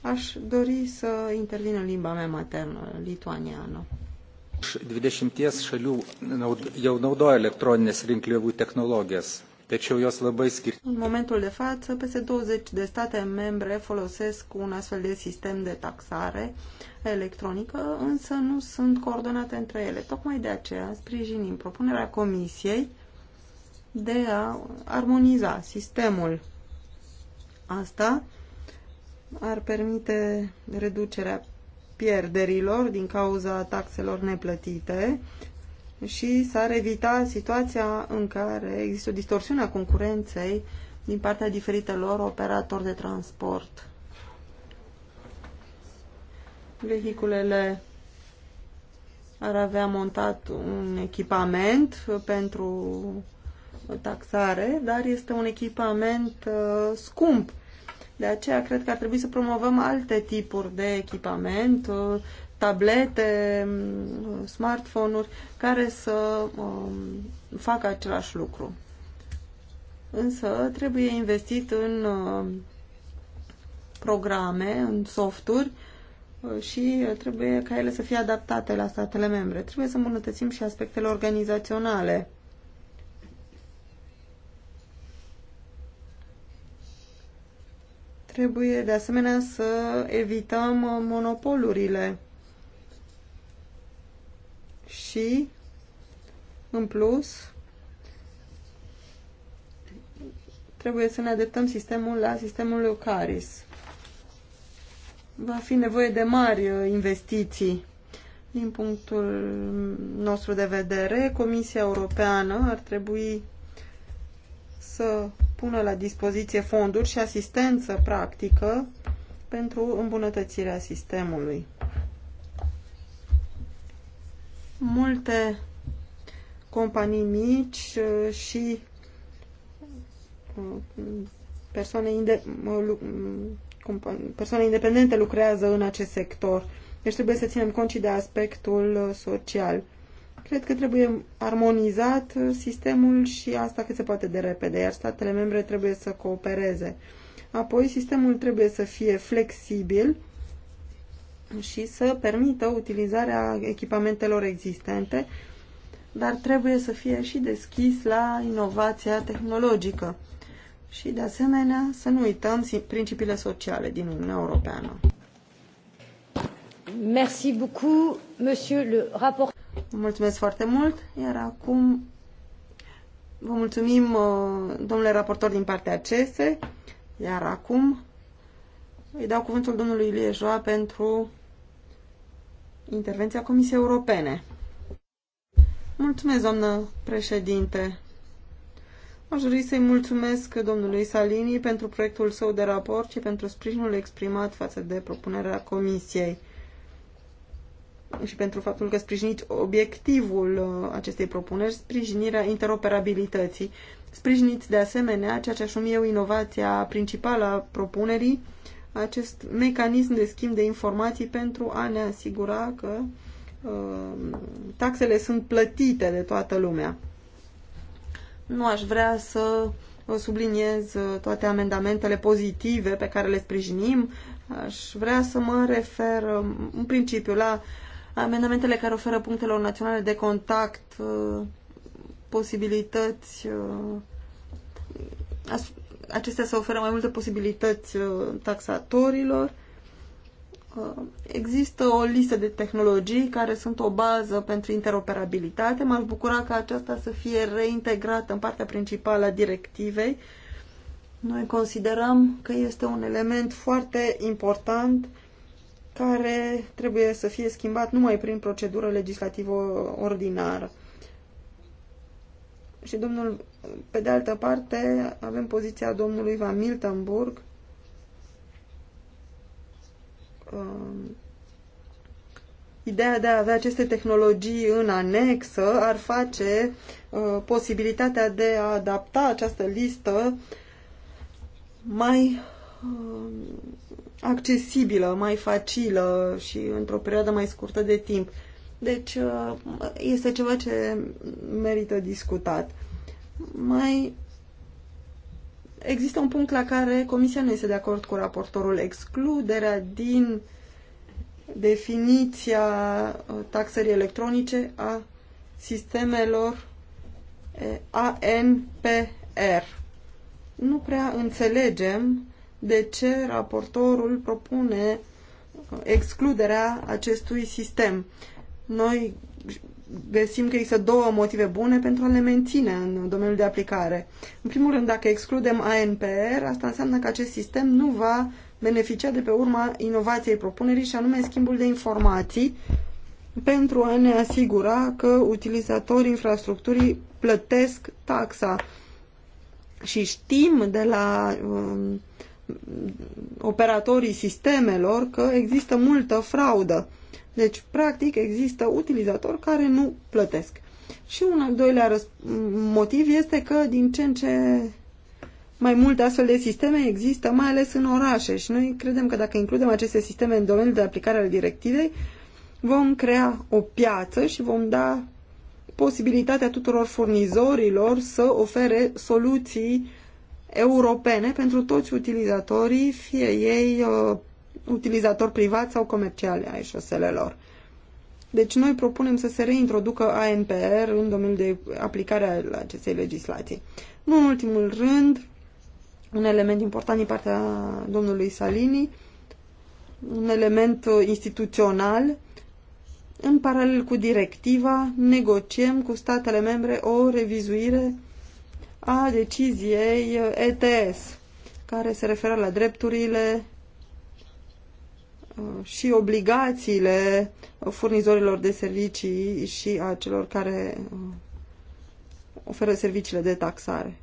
Aș dori să intervin în limba mea maternă, lituaniană. 20 šalių jau naudoja elektroninės rinkliavų technologijas labai deci În momentul de față, peste 20 de state membre folosesc un astfel de sistem de taxare electronică, însă nu sunt coordonate între ele. Tocmai de aceea sprijinim propunerea Comisiei de a armoniza sistemul. Asta ar permite reducerea pierderilor din cauza taxelor neplătite și s-ar evita situația în care există o distorsiune a concurenței din partea diferitelor operatori de transport. Vehiculele ar avea montat un echipament pentru taxare, dar este un echipament uh, scump. De aceea cred că ar trebui să promovăm alte tipuri de echipament, uh, tablete, smartphone-uri care să uh, facă același lucru. Însă trebuie investit în uh, programe, în softuri uh, și trebuie ca ele să fie adaptate la statele membre. Trebuie să îmbunătățim și aspectele organizaționale. Trebuie de asemenea să evităm uh, monopolurile și, în plus, trebuie să ne adaptăm sistemul la sistemul Eucaris. Va fi nevoie de mari uh, investiții. Din punctul nostru de vedere, Comisia Europeană ar trebui să pună la dispoziție fonduri și asistență practică pentru îmbunătățirea sistemului. Multe companii mici uh, și uh, persoane, inde persoane independente lucrează în acest sector. Deci trebuie să ținem cont și de aspectul uh, social. Cred că trebuie armonizat sistemul și asta cât se poate de repede, iar statele membre trebuie să coopereze. Apoi, sistemul trebuie să fie flexibil și să permită utilizarea echipamentelor existente, dar trebuie să fie și deschis la inovația tehnologică și, de asemenea, să nu uităm principiile sociale din Uniunea Europeană. Merci beaucoup, monsieur le rapport. Mulțumesc foarte mult, iar acum vă mulțumim, uh, domnule raportor, din partea CESE, iar acum îi dau cuvântul domnului Ilie Joa pentru intervenția Comisiei Europene. Mulțumesc, doamnă președinte. Aș dori să-i mulțumesc domnului Salini pentru proiectul său de raport și pentru sprijinul exprimat față de propunerea Comisiei și pentru faptul că sprijiniți obiectivul uh, acestei propuneri, sprijinirea interoperabilității. Sprijiniți de asemenea ceea ce așum eu inovația principală a propunerii, acest mecanism de schimb de informații pentru a ne asigura că uh, taxele sunt plătite de toată lumea. Nu aș vrea să uh, subliniez uh, toate amendamentele pozitive pe care le sprijinim. Aș vrea să mă refer uh, în principiu la amendamentele care oferă punctelor naționale de contact posibilități acestea să oferă mai multe posibilități uh, taxatorilor. Uh, există o listă de tehnologii care sunt o bază pentru interoperabilitate. M-aș bucura ca aceasta să fie reintegrată în partea principală a directivei. Noi considerăm că este un element foarte important care trebuie să fie schimbat numai prin procedură legislativă ordinară și domnul, pe de altă parte, avem poziția domnului Van Miltenburg, um, ideea de a avea aceste tehnologii în anexă ar face uh, posibilitatea de a adapta această listă mai uh, accesibilă, mai facilă și într-o perioadă mai scurtă de timp. Deci uh, este ceva ce merită discutat. Mai există un punct la care Comisia nu este de acord cu raportorul. Excluderea din definiția uh, taxării electronice a sistemelor ANPR. Nu prea înțelegem de ce raportorul propune uh, excluderea acestui sistem. Noi găsim că există două motive bune pentru a le menține în domeniul de aplicare. În primul rând, dacă excludem ANPR, asta înseamnă că acest sistem nu va beneficia de pe urma inovației propunerii și anume schimbul de informații pentru a ne asigura că utilizatorii infrastructurii plătesc taxa. Și știm de la um, operatorii sistemelor că există multă fraudă deci, practic, există utilizatori care nu plătesc. Și un al doilea motiv este că din ce în ce mai multe astfel de sisteme există, mai ales în orașe și noi credem că dacă includem aceste sisteme în domeniul de aplicare al directivei, vom crea o piață și vom da posibilitatea tuturor furnizorilor să ofere soluții europene pentru toți utilizatorii, fie ei uh, utilizatori privați sau comerciale ai șoselelor. Deci noi propunem să se reintroducă ANPR în domeniul de aplicare al acestei legislații. Nu în ultimul rând, un element important din partea domnului Salini, un element uh, instituțional. În paralel cu directiva, negociem cu statele membre o revizuire a deciziei uh, ETS, care se referă la drepturile și obligațiile furnizorilor de servicii și a celor care oferă serviciile de taxare.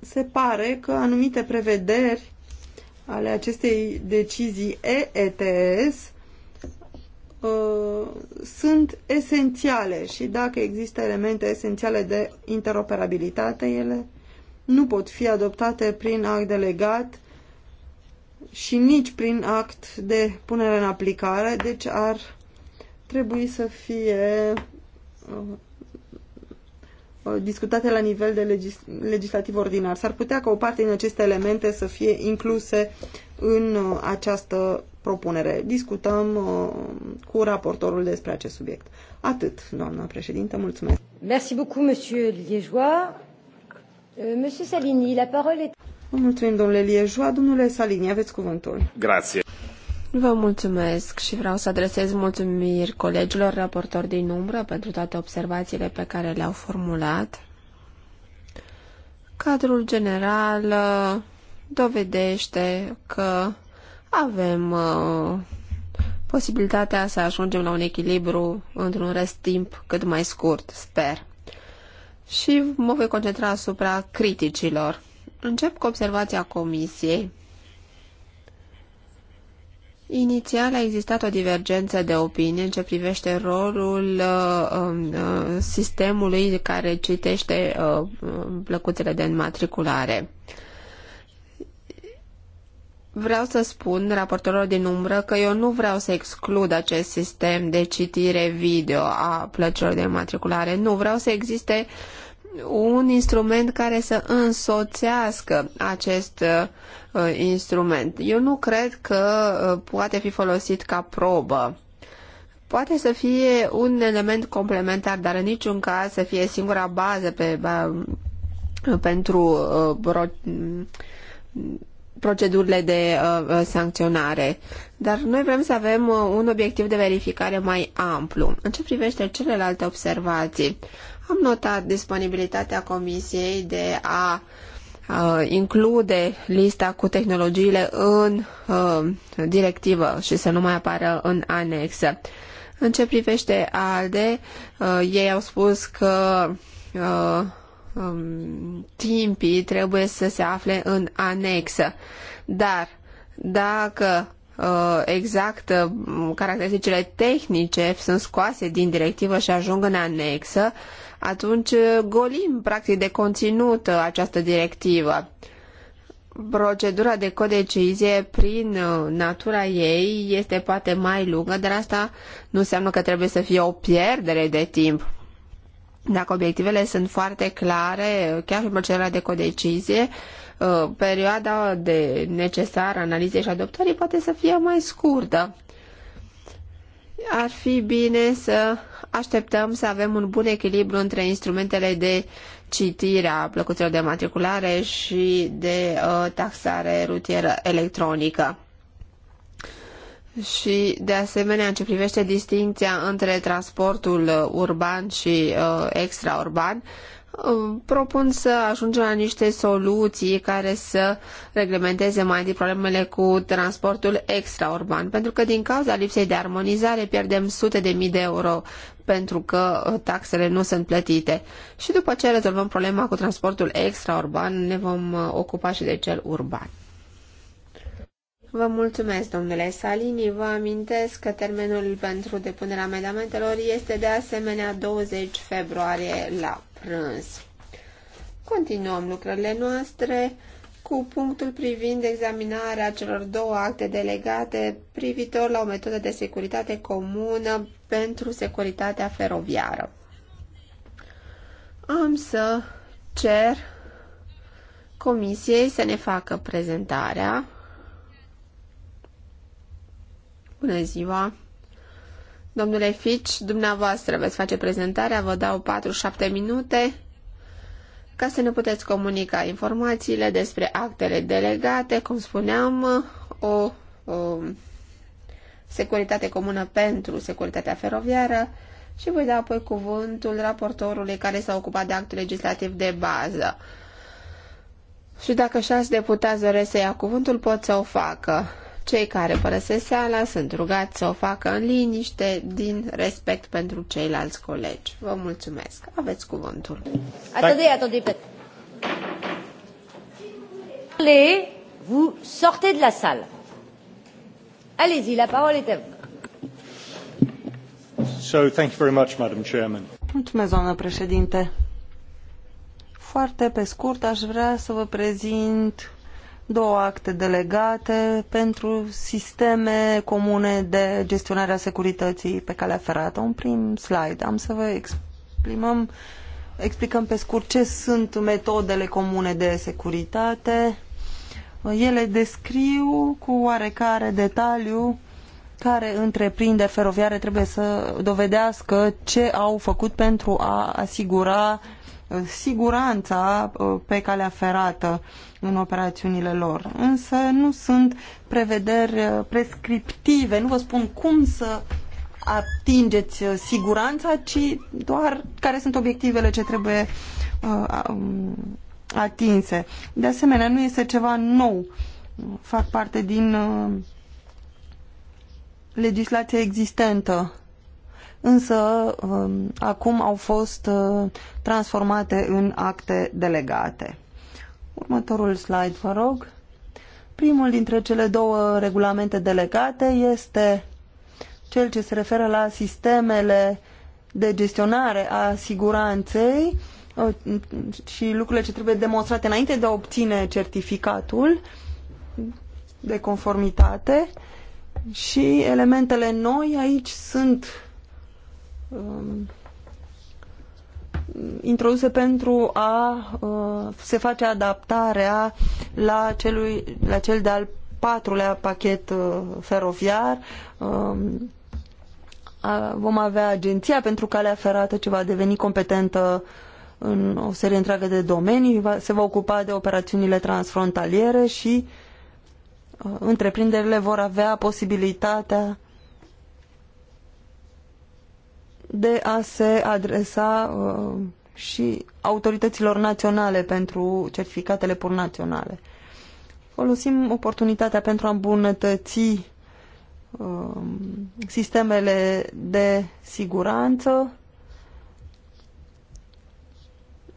Se pare că anumite prevederi ale acestei decizii EETS uh, sunt esențiale și dacă există elemente esențiale de interoperabilitate, ele nu pot fi adoptate prin act delegat și nici prin act de punere în aplicare, deci ar trebui să fie uh, uh, discutate la nivel de legis legislativ ordinar. S-ar putea ca o parte din aceste elemente să fie incluse în uh, această propunere. Discutăm cu raportorul despre acest subiect. Atât, doamna președintă, mulțumesc. Merci beaucoup, monsieur Liegeois. Euh, monsieur Salini, la parole est... Vă mulțumim, domnule Liejoa. Domnule Salini, aveți cuvântul. Grație. Vă mulțumesc și vreau să adresez mulțumiri colegilor raportori din umbră pentru toate observațiile pe care le-au formulat. Cadrul general uh, dovedește că avem uh, posibilitatea să ajungem la un echilibru într-un rest timp cât mai scurt, sper. Și mă voi concentra asupra criticilor Încep cu observația comisiei. Inițial a existat o divergență de opinie în ce privește rolul uh, um, uh, sistemului care citește uh, plăcuțele de înmatriculare. Vreau să spun raportorilor din umbră că eu nu vreau să exclud acest sistem de citire video a plăcilor de matriculare. Nu, vreau să existe uh, un instrument care să însoțească acest uh, instrument. Eu nu cred că uh, poate fi folosit ca probă. Poate să fie un element complementar, dar în niciun caz să fie singura bază pe, uh, pentru uh, procedurile de uh, sancționare, dar noi vrem să avem uh, un obiectiv de verificare mai amplu. În ce privește celelalte observații, am notat disponibilitatea Comisiei de a include lista cu tehnologiile în uh, directivă și să nu mai apară în anexă. În ce privește ALDE, uh, ei au spus că uh, um, timpii trebuie să se afle în anexă. Dar dacă exact caracteristicile tehnice sunt scoase din directivă și ajung în anexă, atunci uh, golim practic de conținut uh, această directivă. Procedura de codecizie prin uh, natura ei este poate mai lungă, dar asta nu înseamnă că trebuie să fie o pierdere de timp. Dacă obiectivele sunt foarte clare, chiar și procedura de codecizie, perioada de necesară analizei și adoptării poate să fie mai scurtă ar fi bine să așteptăm să avem un bun echilibru între instrumentele de citire a plăcuților de matriculare și de uh, taxare rutieră electronică. Și, de asemenea, în ce privește distinția între transportul urban și uh, extraurban, uh, propun să ajungem la niște soluții care să reglementeze mai întâi problemele cu transportul extraurban, pentru că din cauza lipsei de armonizare pierdem sute de mii de euro pentru că uh, taxele nu sunt plătite. Și după ce rezolvăm problema cu transportul extraurban, ne vom uh, ocupa și de cel urban. Vă mulțumesc, domnule Salini. Vă amintesc că termenul pentru depunerea amendamentelor este de asemenea 20 februarie la prânz. Continuăm lucrările noastre cu punctul privind examinarea celor două acte delegate privitor la o metodă de securitate comună pentru securitatea feroviară. Am să cer comisiei să ne facă prezentarea. Bună ziua! Domnule Fici, dumneavoastră veți face prezentarea, vă dau 4-7 minute ca să ne puteți comunica informațiile despre actele delegate, cum spuneam, o, o securitate comună pentru securitatea feroviară și voi da apoi cuvântul raportorului care s-a ocupat de actul legislativ de bază. Și dacă șase deputați doresc să ia cuvântul, pot să o facă. Cei care părăsesc sala sunt rugați să o facă în liniște, din respect pentru ceilalți colegi. Vă mulțumesc. Aveți cuvântul. atât attendez, Allez, vous sortez de la salle. Allez-y, la parole est à vous. So, thank you very much, Madam Chairman. Mulțumesc, doamnă președinte. Foarte pe scurt aș vrea să vă prezint două acte delegate pentru sisteme comune de gestionare a securității pe calea ferată. Un prim slide. Am să vă exprimăm, explicăm pe scurt ce sunt metodele comune de securitate. Ele descriu cu oarecare detaliu care întreprinderi feroviare trebuie să dovedească ce au făcut pentru a asigura uh, Uh, siguranța uh, pe calea ferată în operațiunile lor. Însă nu sunt prevederi uh, prescriptive, nu vă spun cum să atingeți siguranța, ci doar care sunt obiectivele ce trebuie um, atinse. De asemenea, nu este ceva nou. Fac parte din legislația existentă însă um, acum au fost uh, transformate în acte delegate. Următorul slide, vă rog. Primul dintre cele două regulamente delegate este cel ce se referă la sistemele de gestionare a siguranței uh, și lucrurile ce trebuie demonstrate înainte de a obține certificatul de conformitate și elementele noi aici sunt Um, introduse pentru a uh, se face adaptarea la, celui, la cel de-al patrulea pachet uh, feroviar. Um, a, vom avea agenția pentru calea ferată ce va deveni competentă în o serie întreagă de domenii, va, se va ocupa de operațiunile transfrontaliere și uh, întreprinderile vor avea posibilitatea de a se adresa uh, și autorităților naționale pentru certificatele pur naționale. Folosim oportunitatea pentru a îmbunătăți uh, sistemele de siguranță.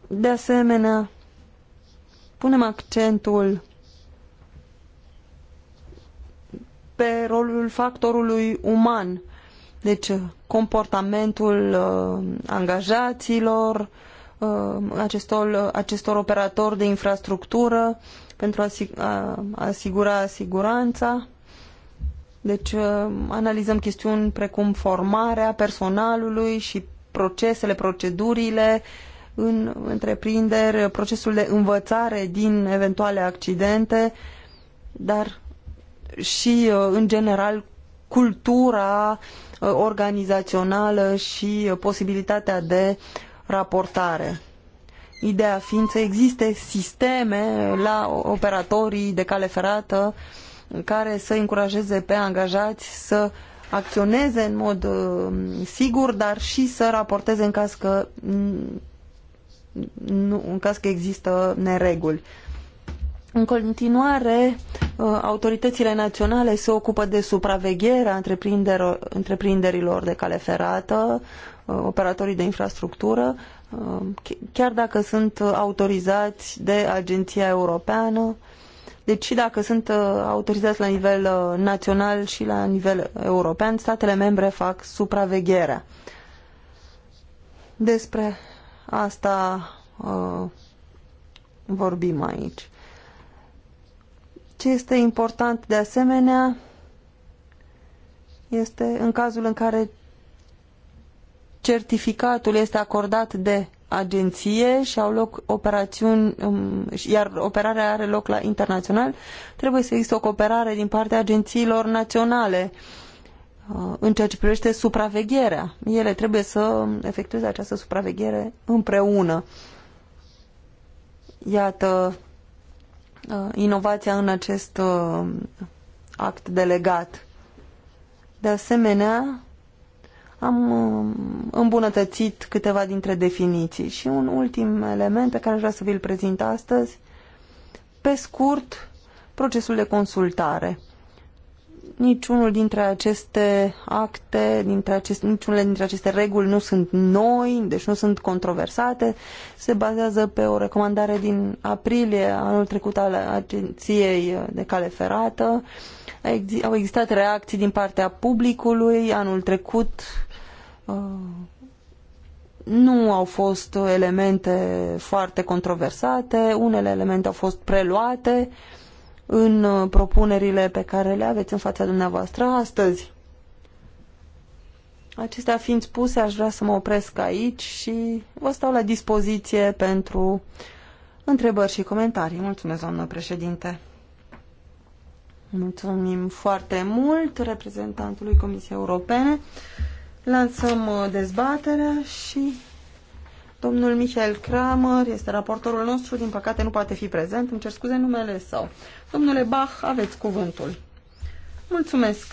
De asemenea, punem accentul pe rolul factorului uman deci, uh, comportamentul uh, angajaților, uh, acestor, uh, acestor operatori de infrastructură pentru a, a asigura siguranța. Deci, uh, analizăm chestiuni precum formarea personalului și procesele, procedurile în întreprinderi, procesul de învățare din eventuale accidente, dar și, uh, în general, cultura uh, Uh, organizațională și uh, posibilitatea de raportare. Ideea fiind să existe sisteme la operatorii de cale ferată care să încurajeze pe angajați să acționeze în mod uh, sigur, dar și să raporteze în caz că, în caz că există nereguli. În continuare, uh, autoritățile naționale se ocupă de supravegherea întreprinderilor de cale ferată, uh, operatorii de infrastructură, uh, chiar dacă sunt autorizați de Agenția Europeană, deci și dacă sunt autorizați la nivel național și la nivel european, statele membre fac supravegherea. Despre asta vorbim aici. Ce este important de asemenea este în cazul în care certificatul este acordat de agenție și au loc operațiuni, um, iar operarea are loc la internațional, trebuie să existe o cooperare din partea agențiilor naționale uh, în ceea ce privește supravegherea. Ele trebuie să efectueze această supraveghere împreună. Iată Uh, inovația în acest uh, act delegat. De asemenea, am uh, îmbunătățit câteva dintre definiții. Și un ultim element pe care aș vrea să vi-l prezint astăzi, pe scurt, procesul de consultare niciunul dintre aceste acte, dintre acest, niciunele dintre aceste reguli nu sunt noi, deci nu sunt controversate. Se bazează pe o recomandare din aprilie anul trecut al Agenției de Cale Ferată. Au existat reacții din partea publicului anul trecut. Uh, nu au fost elemente foarte controversate, unele elemente au fost preluate, uh, în uh, propunerile pe care le aveți în fața dumneavoastră astăzi. Acestea fiind spuse, aș vrea să mă opresc aici și vă stau la dispoziție pentru întrebări și comentarii. Mulțumesc, doamnă președinte! Mulțumim foarte mult reprezentantului Comisiei Europene. Lansăm uh, dezbaterea și domnul Michael Kramer este raportorul nostru, din păcate nu poate fi prezent, îmi cer scuze numele său. Domnule Bach, aveți cuvântul. Mulțumesc,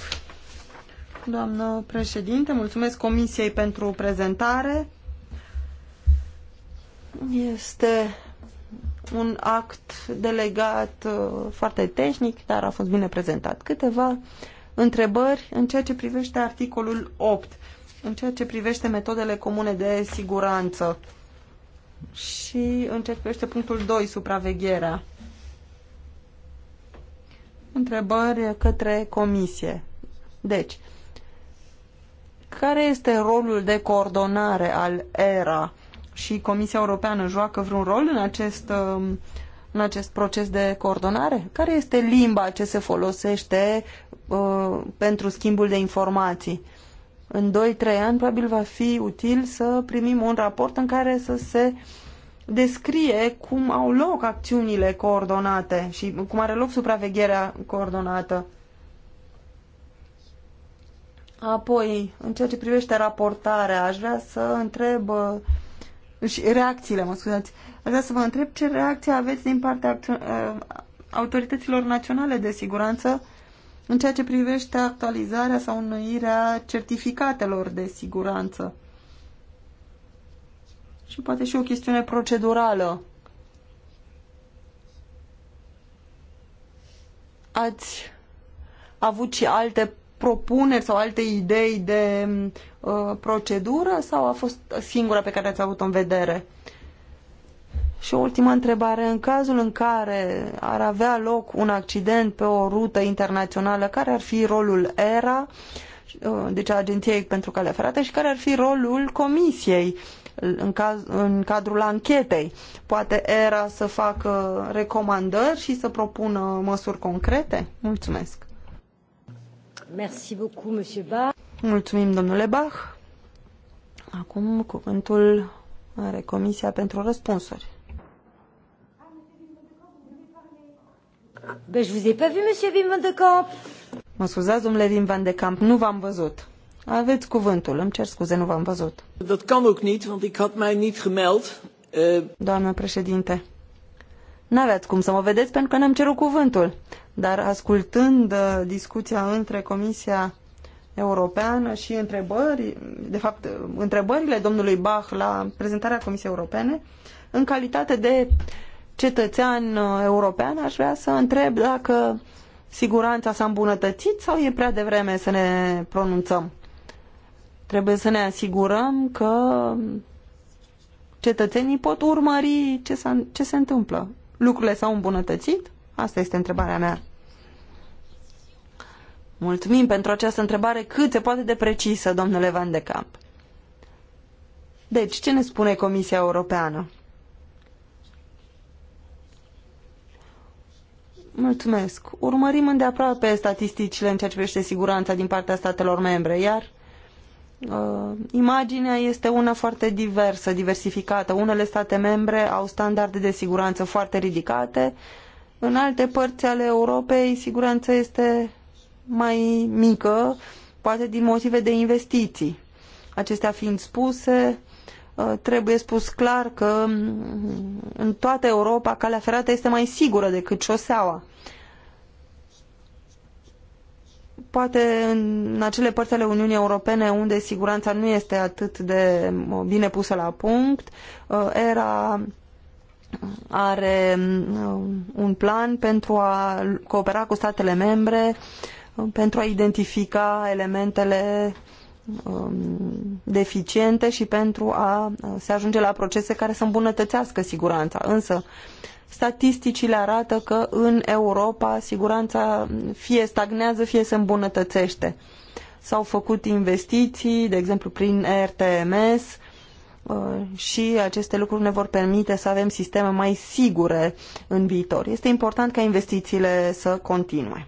doamnă președinte, mulțumesc Comisiei pentru prezentare. Este un act delegat uh, foarte tehnic, dar a fost bine prezentat. Câteva întrebări în ceea ce privește articolul 8, în ceea ce privește metodele comune de siguranță și în ceea ce privește punctul 2, supravegherea întrebări către comisie. Deci, care este rolul de coordonare al ERA și Comisia Europeană joacă vreun rol în acest, um, în acest proces de coordonare? Care este limba ce se folosește uh, pentru schimbul de informații? În 2-3 ani probabil va fi util să primim un raport în care să se uh, descrie cum au loc acțiunile coordonate și cum are loc supravegherea coordonată. Apoi, în ceea ce privește raportarea, aș vrea să întreb uh, și reacțiile, mă scuzați. Aș vrea să vă întreb ce reacție aveți din partea uh, autorităților naționale de siguranță în ceea ce privește actualizarea sau înnoirea certificatelor de siguranță și poate și o chestiune procedurală. Ați avut și alte propuneri sau alte idei de uh, procedură sau a fost singura pe care ați avut-o în vedere? Și o ultimă întrebare. În cazul în care ar avea loc un accident pe o rută internațională, care ar fi rolul ERA, uh, deci a Agenției pentru Calea Ferată, și care ar fi rolul Comisiei? Uh, în, caz, în cadrul anchetei. Poate era să facă recomandări și să propună măsuri concrete? Mulțumesc! Merci beaucoup, monsieur Bach. Mulțumim, domnule Bach. Acum cuvântul are Comisia pentru răspunsuri. Ben, je vous ai pas vu, monsieur Wim van de Mă scuzați, domnule Wim van de Camp, nu v-am văzut. Aveți cuvântul, îmi cer scuze, nu v-am văzut. Dat kan ook niet, want ik had mij niet gemeld. Uh... Doamnă președinte, n-aveați cum să mă vedeți pentru că n-am cerut cuvântul. Dar ascultând eh, discuția între Comisia Europeană și întrebări, de fapt, întrebările domnului Bach la prezentarea Comisiei Europene, în calitate de cetățean eh, european, aș vrea să întreb dacă siguranța s-a îmbunătățit sau e prea devreme să ne pronunțăm? Trebuie să ne asigurăm că cetățenii pot urmări ce, ce se întâmplă. Lucrurile s-au îmbunătățit? Asta este întrebarea mea. Mulțumim pentru această întrebare cât se poate de precisă, domnule Van de Camp. Deci, ce ne spune Comisia Europeană? Mulțumesc. Urmărim îndeaproape statisticile în ceea ce privește siguranța din partea statelor membre, iar uh, imaginea este una foarte diversă, diversificată. Unele state membre au standarde de siguranță foarte ridicate, în alte părți ale Europei siguranța este mai mică, poate din motive de investiții. Acestea fiind spuse, uh, trebuie spus clar că mm, în toată Europa calea ferată este mai sigură decât șoseaua poate în acele părți ale Uniunii Europene unde siguranța nu este atât de uh, bine pusă la punct, uh, era uh, are un plan pentru a coopera cu statele membre pentru a identifica elementele um, deficiente și pentru a se ajunge la procese care să îmbunătățească siguranța. Însă, statisticile arată că în Europa siguranța fie stagnează, fie se îmbunătățește. S-au făcut investiții, de exemplu prin RTMS, uh, și aceste lucruri ne vor permite să avem sisteme mai sigure în viitor. Este important ca investițiile să continue.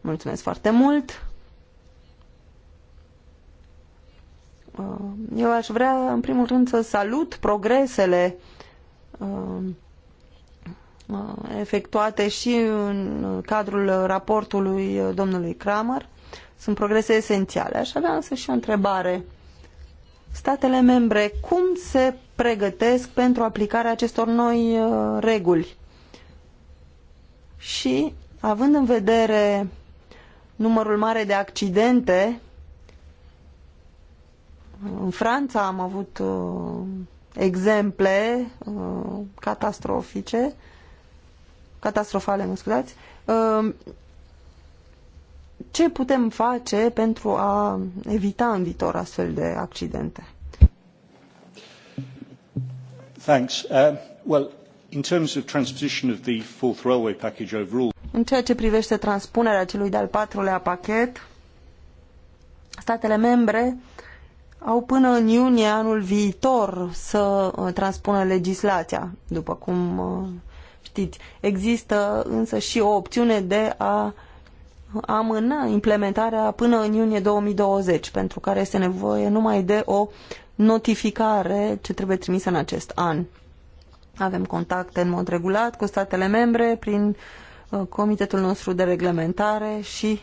Mulțumesc foarte mult! Uh, eu aș vrea, în primul rând, să salut progresele uh, Uh, efectuate și în cadrul raportului domnului Kramer. Sunt progrese esențiale. Aș avea însă și o întrebare. Statele membre, cum se pregătesc pentru aplicarea acestor noi uh, reguli? Și, având în vedere numărul mare de accidente, în Franța am avut uh, exemple uh, catastrofice catastrofale, mă scuzați, ehm, ce putem face pentru a evita în viitor astfel de accidente? Thanks. Uh, well, in terms of transposition of the fourth railway package overall. În ceea ce privește transpunerea celui de-al patrulea pachet, statele membre au până în iunie anul viitor să uh, transpună legislația, după cum uh, știți. Există însă și o opțiune de a amâna implementarea până în iunie 2020, pentru care este nevoie numai de o notificare ce trebuie trimisă în acest an. Avem contacte în mod regulat cu statele membre prin uh, comitetul nostru de reglementare și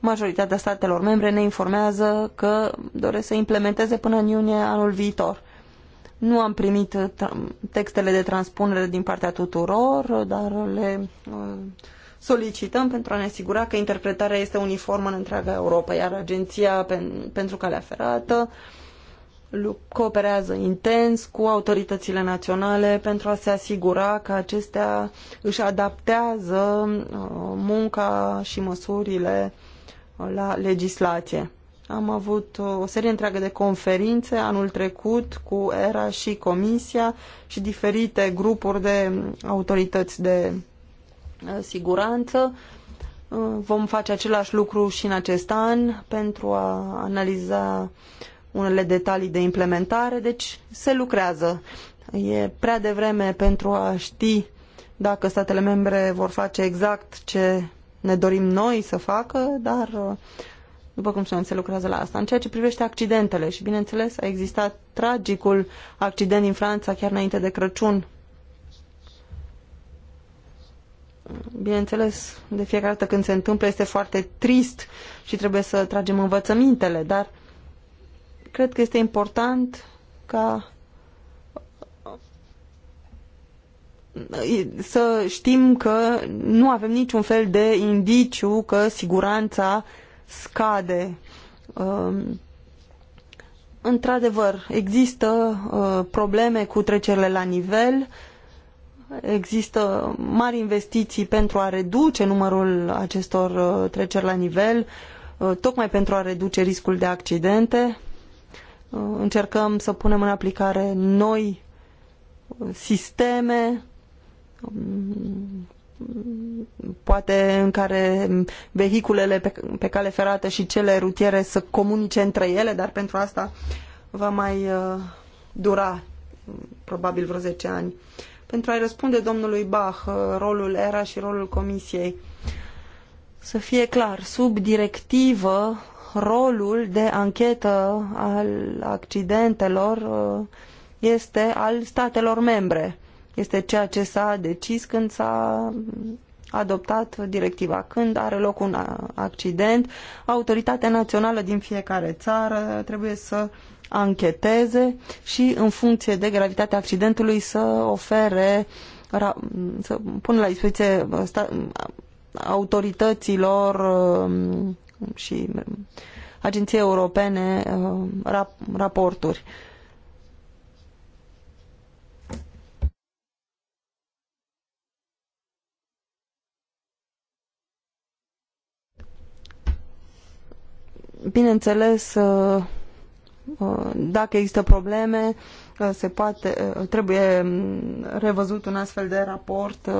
majoritatea statelor membre ne informează că doresc să implementeze până în iunie anul viitor. Nu am primit uh, textele de transpunere din partea tuturor, uh, dar le uh, solicităm pentru a ne asigura că interpretarea este uniformă în întreaga Europa, iar Agenția pentru Calea Ferată cooperează intens cu autoritățile naționale pentru a se asigura că acestea își adaptează munca și măsurile la legislație. Am avut o serie întreagă de conferințe anul trecut cu ERA și Comisia și diferite grupuri de autorități de uh, siguranță. Uh, vom face același lucru și în acest an pentru a analiza unele detalii de implementare, deci se lucrează. E prea devreme pentru a ști dacă statele membre vor face exact ce ne dorim noi să facă, dar uh, după cum spuneam, se lucrează la asta. În ceea ce privește accidentele, și bineînțeles a existat tragicul accident din Franța chiar înainte de Crăciun. Bineînțeles, de fiecare dată când se întâmplă este foarte trist și trebuie să tragem învățămintele, dar cred că este important ca să știm că nu avem niciun fel de indiciu că siguranța scade. Um, într-adevăr, există uh, probleme cu trecerile la nivel, există mari investiții pentru a reduce numărul acestor uh, treceri la nivel, uh, tocmai pentru a reduce riscul de accidente. Încercăm să punem în aplicare noi sisteme um, poate în care vehiculele pe, pe cale ferată și cele rutiere să comunice între ele, dar pentru asta va mai uh, dura mm, probabil vreo 10 ani. Pentru a-i răspunde domnului Bach, uh, rolul ERA și rolul Comisiei, să fie clar, sub directivă, rolul de anchetă al accidentelor uh, este al statelor membre este ceea ce s-a decis când s-a adoptat directiva. Când are loc un accident, autoritatea națională din fiecare țară trebuie să ancheteze și în funcție de gravitatea accidentului să ofere să pună la dispoziție uh, autorităților uh, și uh, agenției europene raporturi. bineînțeles, uh, uh, dacă există probleme, uh, se poate, trebuie mm, revăzut un astfel de raport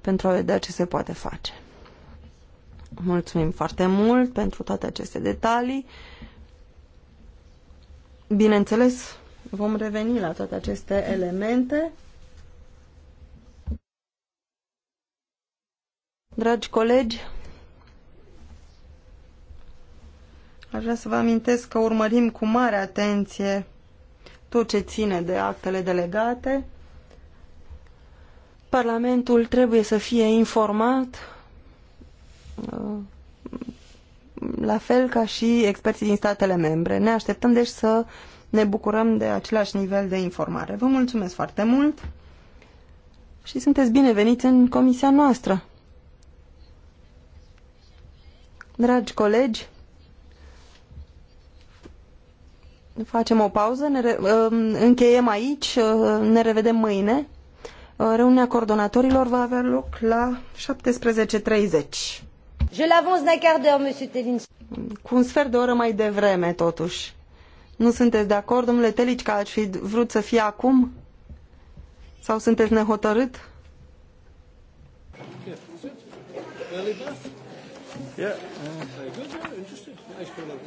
pentru a vedea ce se poate face. Mulțumim foarte mult pentru toate aceste detalii. Bineînțeles, vom reveni la toate aceste elemente. Dragi colegi, Aș vrea să vă amintesc că urmărim cu mare atenție tot ce ține de actele delegate. Parlamentul trebuie să fie informat uh, la fel ca și experții din statele membre. Ne așteptăm deci să ne bucurăm de același nivel de informare. Vă mulțumesc foarte mult și sunteți bineveniți în comisia noastră. Dragi colegi, facem o pauză, ne re, um, încheiem aici, uh, ne revedem mâine. Uh, reuniunea coordonatorilor va avea loc la 17.30. Je l'avance d'un quart d'heure, monsieur Telins. Cu un sfert de oră mai devreme, totuși. Nu sunteți de acord, domnule Telici, că ați fi vrut să fie acum? Sau sunteți nehotărât? Yeah. Uh,